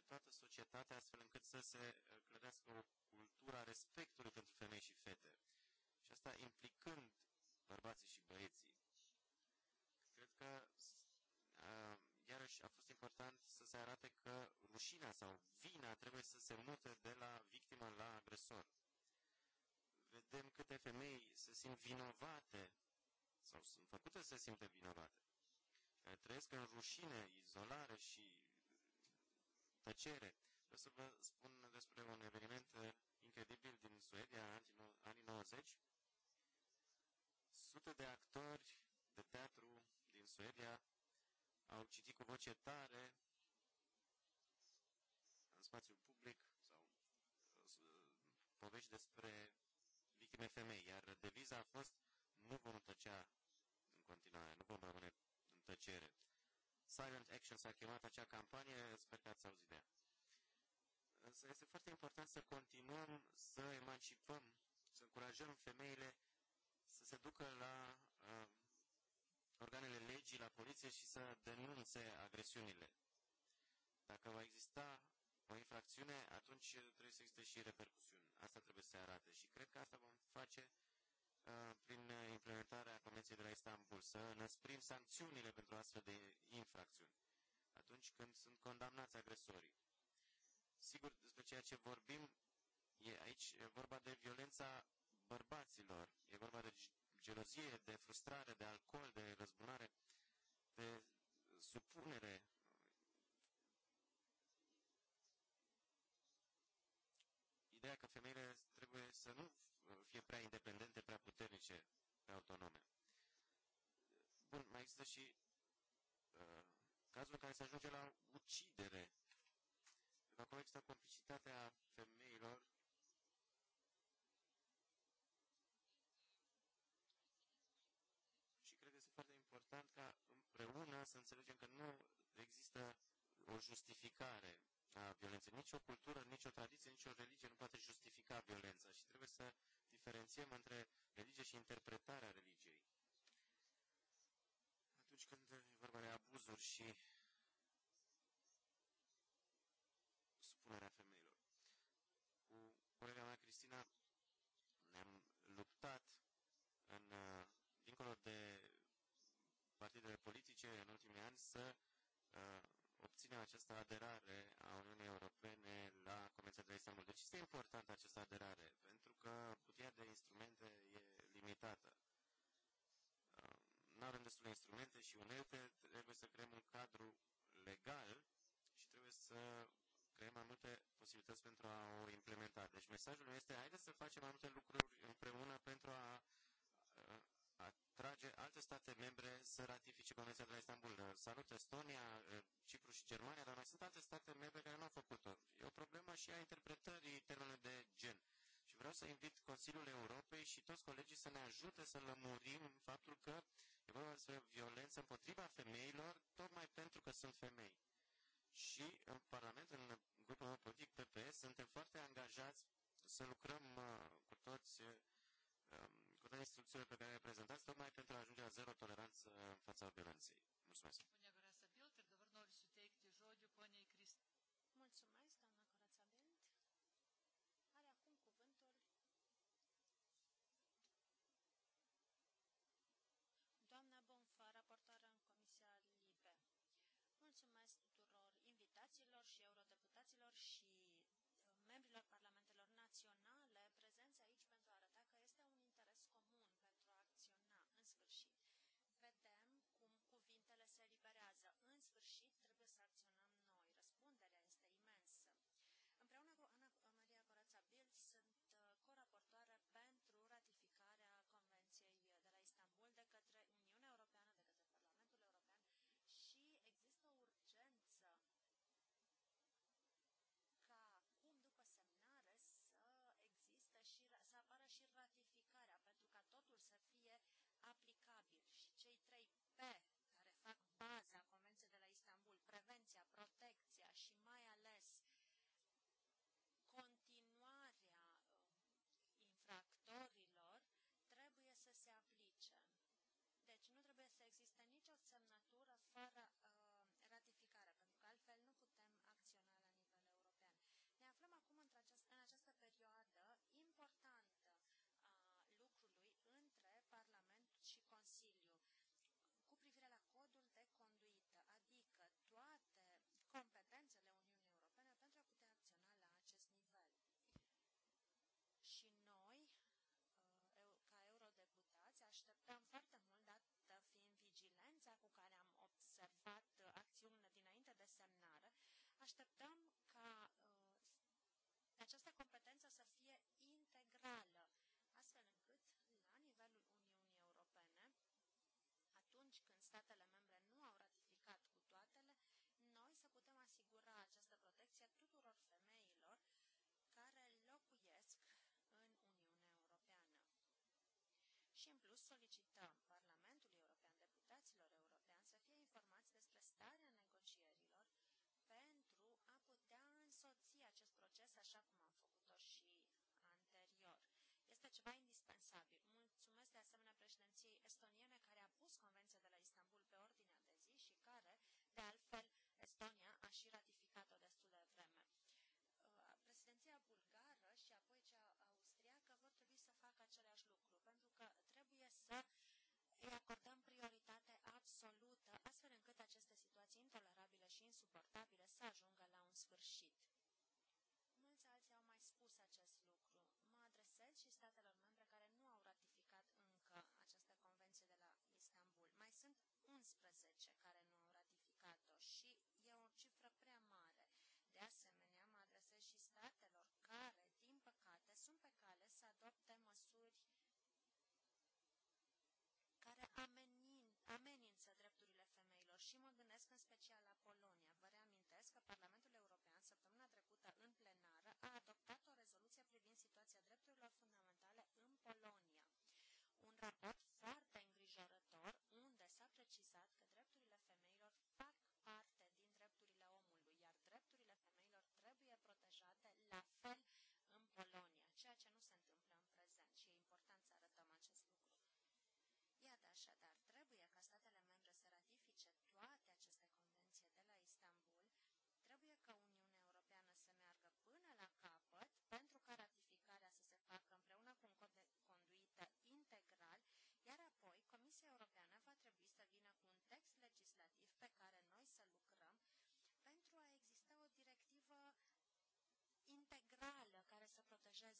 toată societatea astfel încât să se uh, clădească o cultură a respectului pentru femei și fete. Și asta implicând bărbații și băieții. Cred că uh, iarăși a fost important să se arate că rușinea sau vina trebuie să se mute de la victimă la agresor. Vedem câte femei se simt vinovate sau sunt făcute să se simte vinovate, care trăiesc în rușine, izolare și tăcere. O să vă spun despre un eveniment eh, incredibil din Suedia, anii 90. Sute de actori de teatru din Suedia au citit cu voce tare în spațiul public sau eh, povești despre victime femei, iar deviza a fost nu vom tăcea în continuare, nu vom rămâne în tăcere. Silent Action s-a chemat acea campanie, sper că ați auzit de ea. Însă este foarte important să continuăm să emancipăm, să încurajăm femeile să se ducă la uh, organele legii, la poliție și să denunțe agresiunile. Dacă va exista o infracțiune, atunci trebuie să existe și repercusiuni. Asta trebuie să se arate și cred că asta vom face Uh, prin uh, implementarea Convenției de la Istanbul, să înăsprim sancțiunile pentru astfel de infracțiuni atunci când sunt condamnați agresorii. Sigur, despre ceea ce vorbim, e aici e vorba de violența bărbaților, e vorba de gelozie, de frustrare, de alcool, de răzbunare, de supunere. Ideea că femeile trebuie să nu fie prea independente, prea puternice autonome. Bun, mai există și uh, cazul în care se ajunge la ucidere. Acolo există complicitatea femeilor și cred că este foarte important ca împreună să înțelegem că nu există o justificare a violenței. Nici o cultură, nici o tradiție, nici o religie nu poate justifica violența și trebuie să diferențiem între religie și interpretarea religiei. Atunci când e vorba de abuzuri și supunerea femeilor. Cu colega mea, Cristina, ne-am luptat în, uh, dincolo de partidele politice în ultimii ani să uh, obținem această aderare a Uniunii Europene la Convenția de la Istanbul. De deci ce este importantă această aderare? Pentru că Tehnologia de instrumente e limitată. Nu avem de instrumente și unelte, trebuie să creăm un cadru legal și trebuie să creăm mai multe posibilități pentru a o implementa. Deci mesajul este, haideți să facem mai multe lucruri împreună pentru a atrage alte state membre să ratifice Convenția de la Istanbul. Salut Estonia, Cipru și Germania, dar mai sunt alte state membre care nu au făcut-o. E o problemă și a interpretării termenului de vreau să invit Consiliul Europei și toți colegii să ne ajute să lămurim faptul că e vorba despre violență împotriva femeilor, tocmai pentru că sunt femei. Și în Parlament, în grupul meu politic PPS, suntem foarte angajați să lucrăm cu toți eh, ehm, cu toate instituțiile pe care le reprezentați, tocmai pentru a ajunge la zero toleranță în fața violenței. Mulțumesc! la Parlament Așteptăm ca uh, această competență să fie integrală, astfel încât, la nivelul Uniunii Europene, atunci când statele membre nu au ratificat cu toatele, noi să putem asigura această protecție tuturor femeilor care locuiesc în Uniunea Europeană. Și, în plus, solicităm însoți acest proces așa cum am făcut-o și anterior. Este ceva indispensabil. Mulțumesc de asemenea președinției estoniene care a pus Convenția de la Istanbul pe ordinea de zi și care, de altfel, Estonia a și ratificat-o destul de vreme. Uh, președinția bulgară și apoi cea austriacă vor trebui să facă aceleași lucru, pentru că trebuie să îi acordăm prioritate absolută, astfel încât aceste situații intolerabile și insuportabile amenin, amenință drepturile femeilor și mă gândesc în special la Polonia. Vă reamintesc că Parlamentul European săptămâna trecută în plenară a adoptat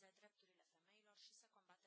protejeze drepturile femeilor și să combată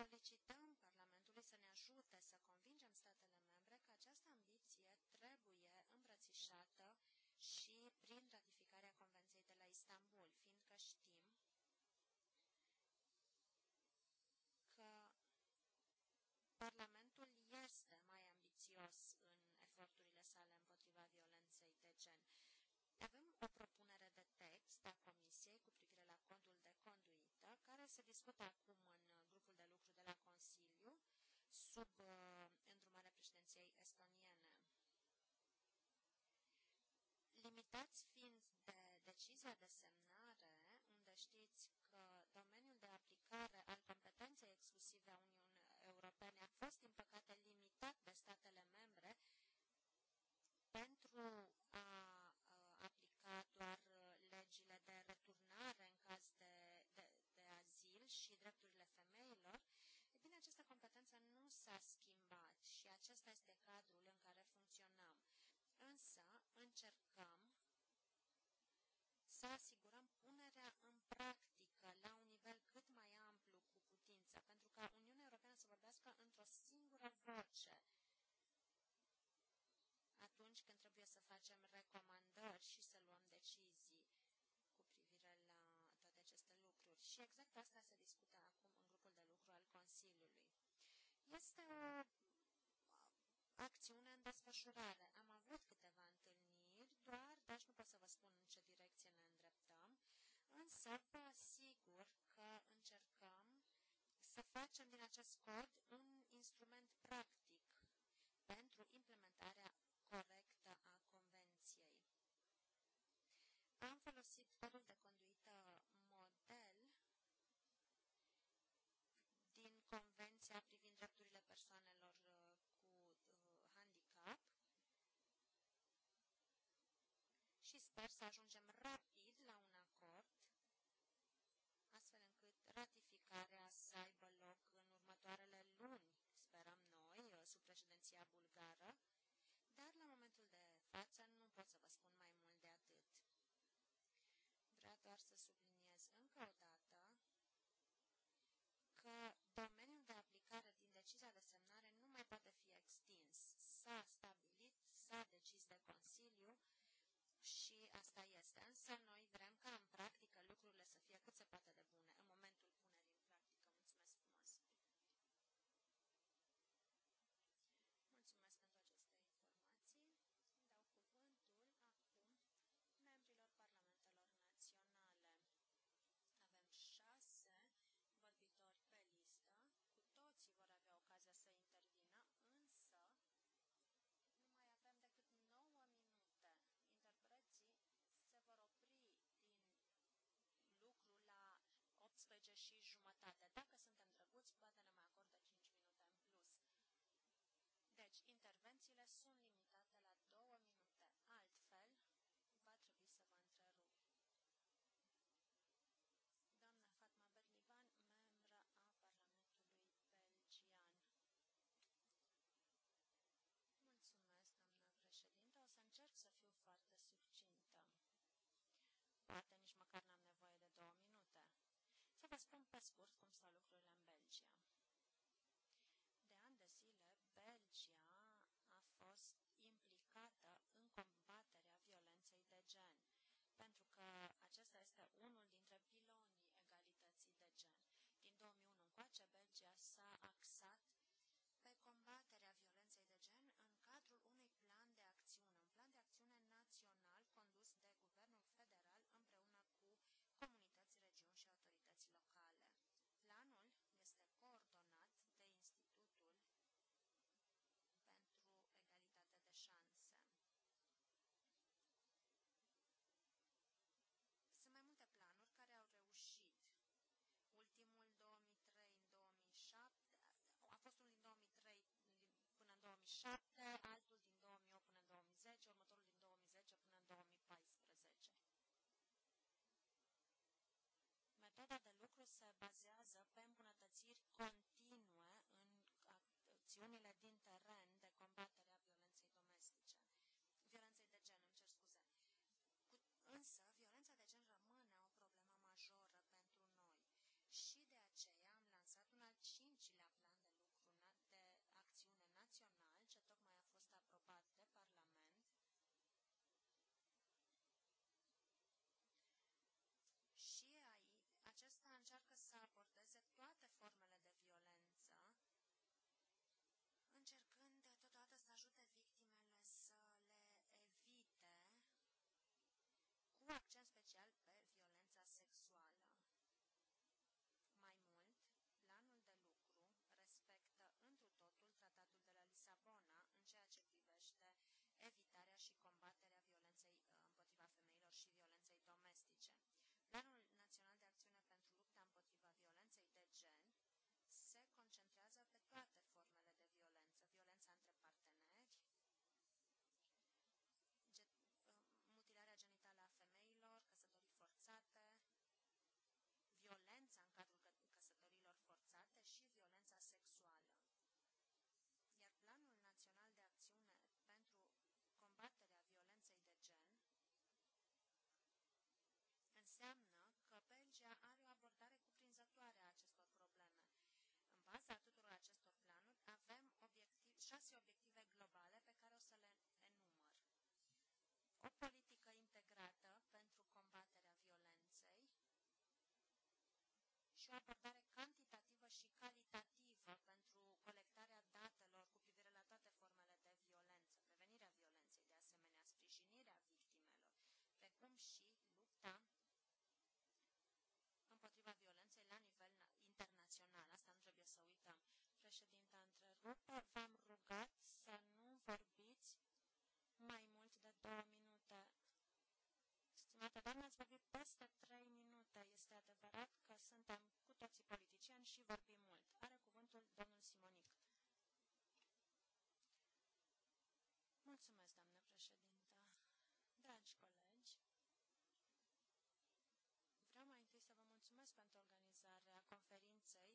Solicităm Parlamentului să ne ajute să convingem statele membre că această ambiție trebuie îmbrățișată și prin ratificarea Convenției de la Istanbul, fiindcă știm că Parlamentul este mai ambițios în eforturile sale împotriva violenței de gen. Avem o propunere de text a Comisiei cu privire la codul de conduită, care se discută acum în dați fiind de decizia de semnare, unde știți Există acțiune în desfășurare. Am avut câteva întâlniri, doar, deci nu pot să vă spun în ce direcție ne îndreptăm, însă vă asigur că încercăm să facem din acest corp ajungem rapid dreptate. Dacă suntem drăguți, poate ne mai acordă 5 minute în plus. Deci, intervențiile sunt limitate. pe scurt cum stau lucrurile în Belgia. 2007, altul din 2008 până în 2010, următorul din 2010 până în 2014. Metoda de lucru se bazează pe îmbunătățiri continue în acțiunile din teren și violență. și o abordare cantitativă și calitativă pentru colectarea datelor cu privire la toate formele de violență, prevenirea violenței, de asemenea sprijinirea victimelor, precum și lupta împotriva violenței la nivel internațional. Asta nu trebuie să uităm. Președinta întrerupă, v-am rugat să nu vorbiți mai mult de două minute. Stimată doamnă, ați vorbit peste trei minute. Este adevărat că suntem și vorbi mult. Are cuvântul domnul Simonic. Mulțumesc, doamnă președintă. Dragi colegi, vreau mai întâi să vă mulțumesc pentru organizarea conferinței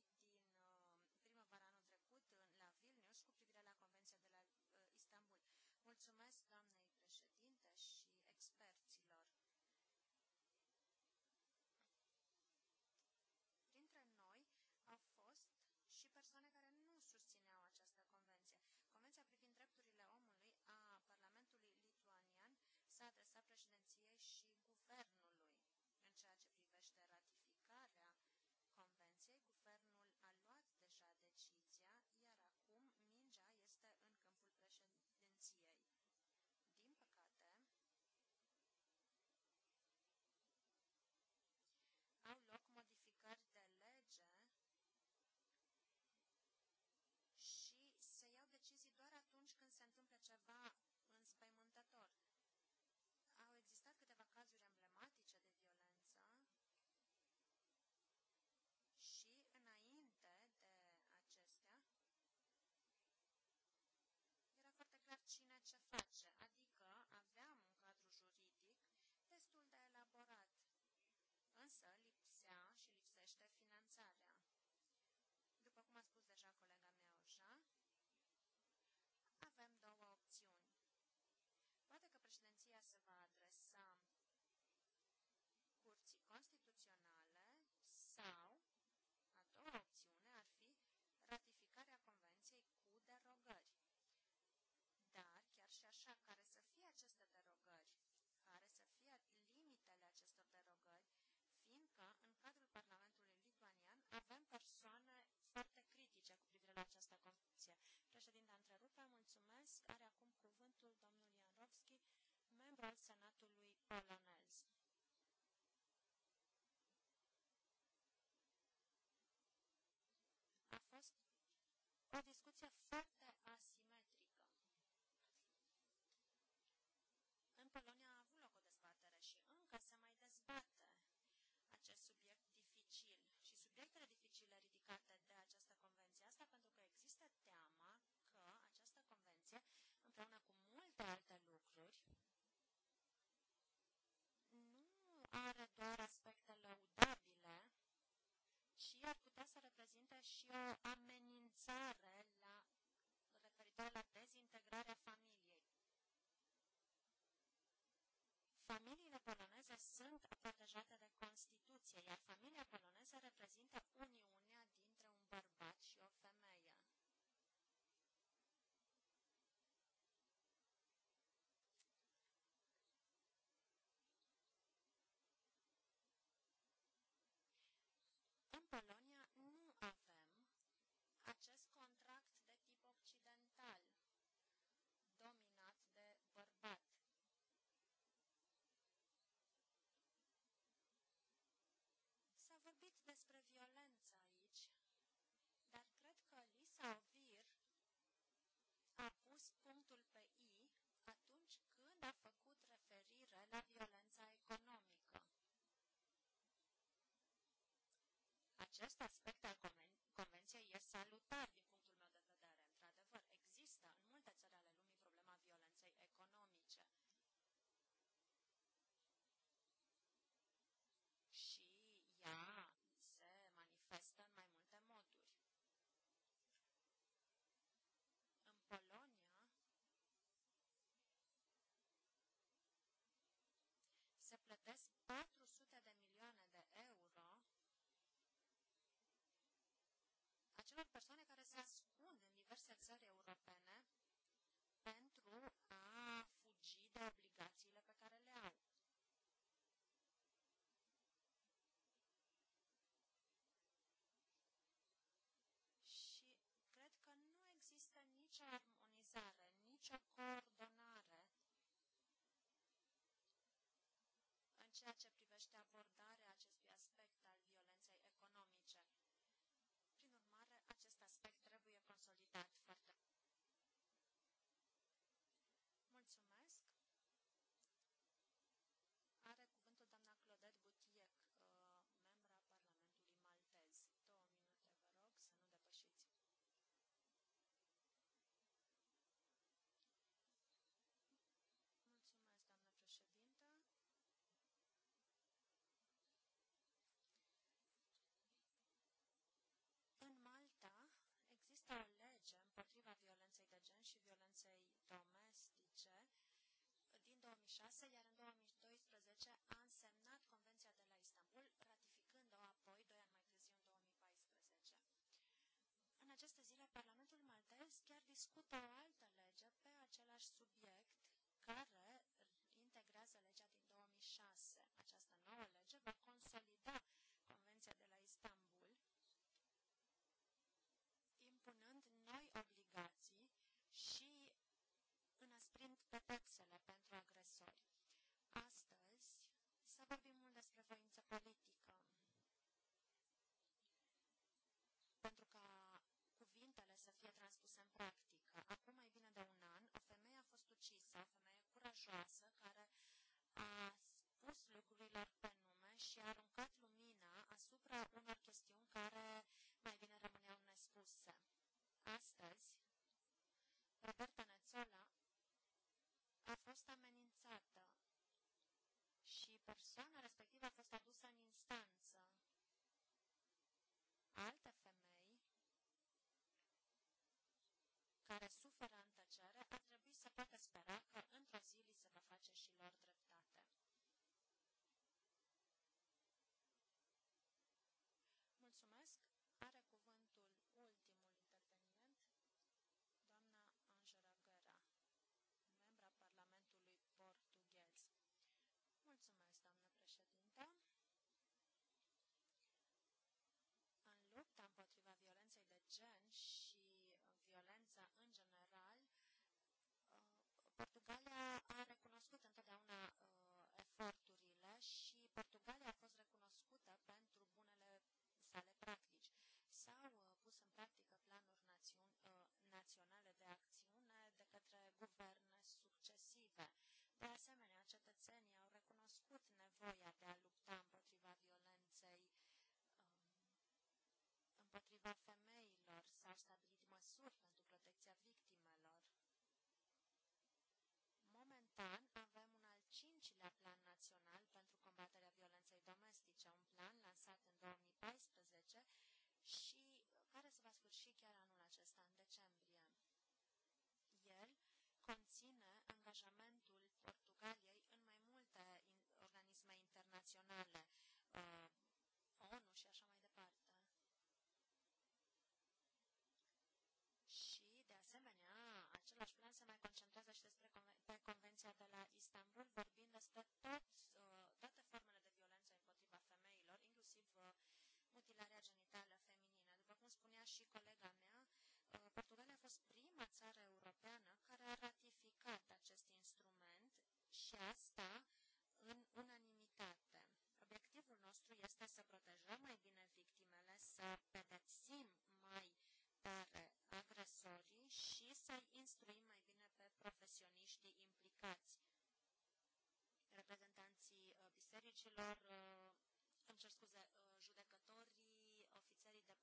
Are acum cuvântul domnul Iarovski, membru al Senatului polonez. A fost o discuție foarte reprezintă și o amenințare la, referitoare la dezintegrarea familiei. Familiile poloneze sunt protejate de Constituție, iar familia poloneză reprezintă Uniunea acest aspect mari persoane care se ascund în diverse țări europene pentru a fugi de obligațiile pe care le au. Și cred că nu există nicio armonizare, nicio coordonare în ceea ce 2006, iar în 2012 a însemnat Convenția de la Istanbul, ratificând-o apoi, doi ani mai târziu, în 2014. În aceste zile, Parlamentul maltez chiar discută o altă lege pe același subiect, care integrează legea din 2006. Această nouă lege va consolida Convenția de la Istanbul, impunând noi obligații și înăsprind pedepsele pe vorbim mult despre voință politică. persoanelor și asta în unanimitate. Obiectivul nostru este să protejăm mai bine victimele, să pedepsim mai tare agresorii și să-i instruim mai bine pe profesioniștii implicați. Reprezentanții uh, bisericilor, uh, îmi cer scuze, uh, judecătorii, ofițerii de poliție,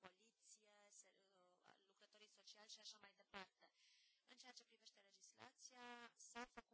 lucrătorii sociali și așa mai departe. În ceea ce privește legislația, s-au făcut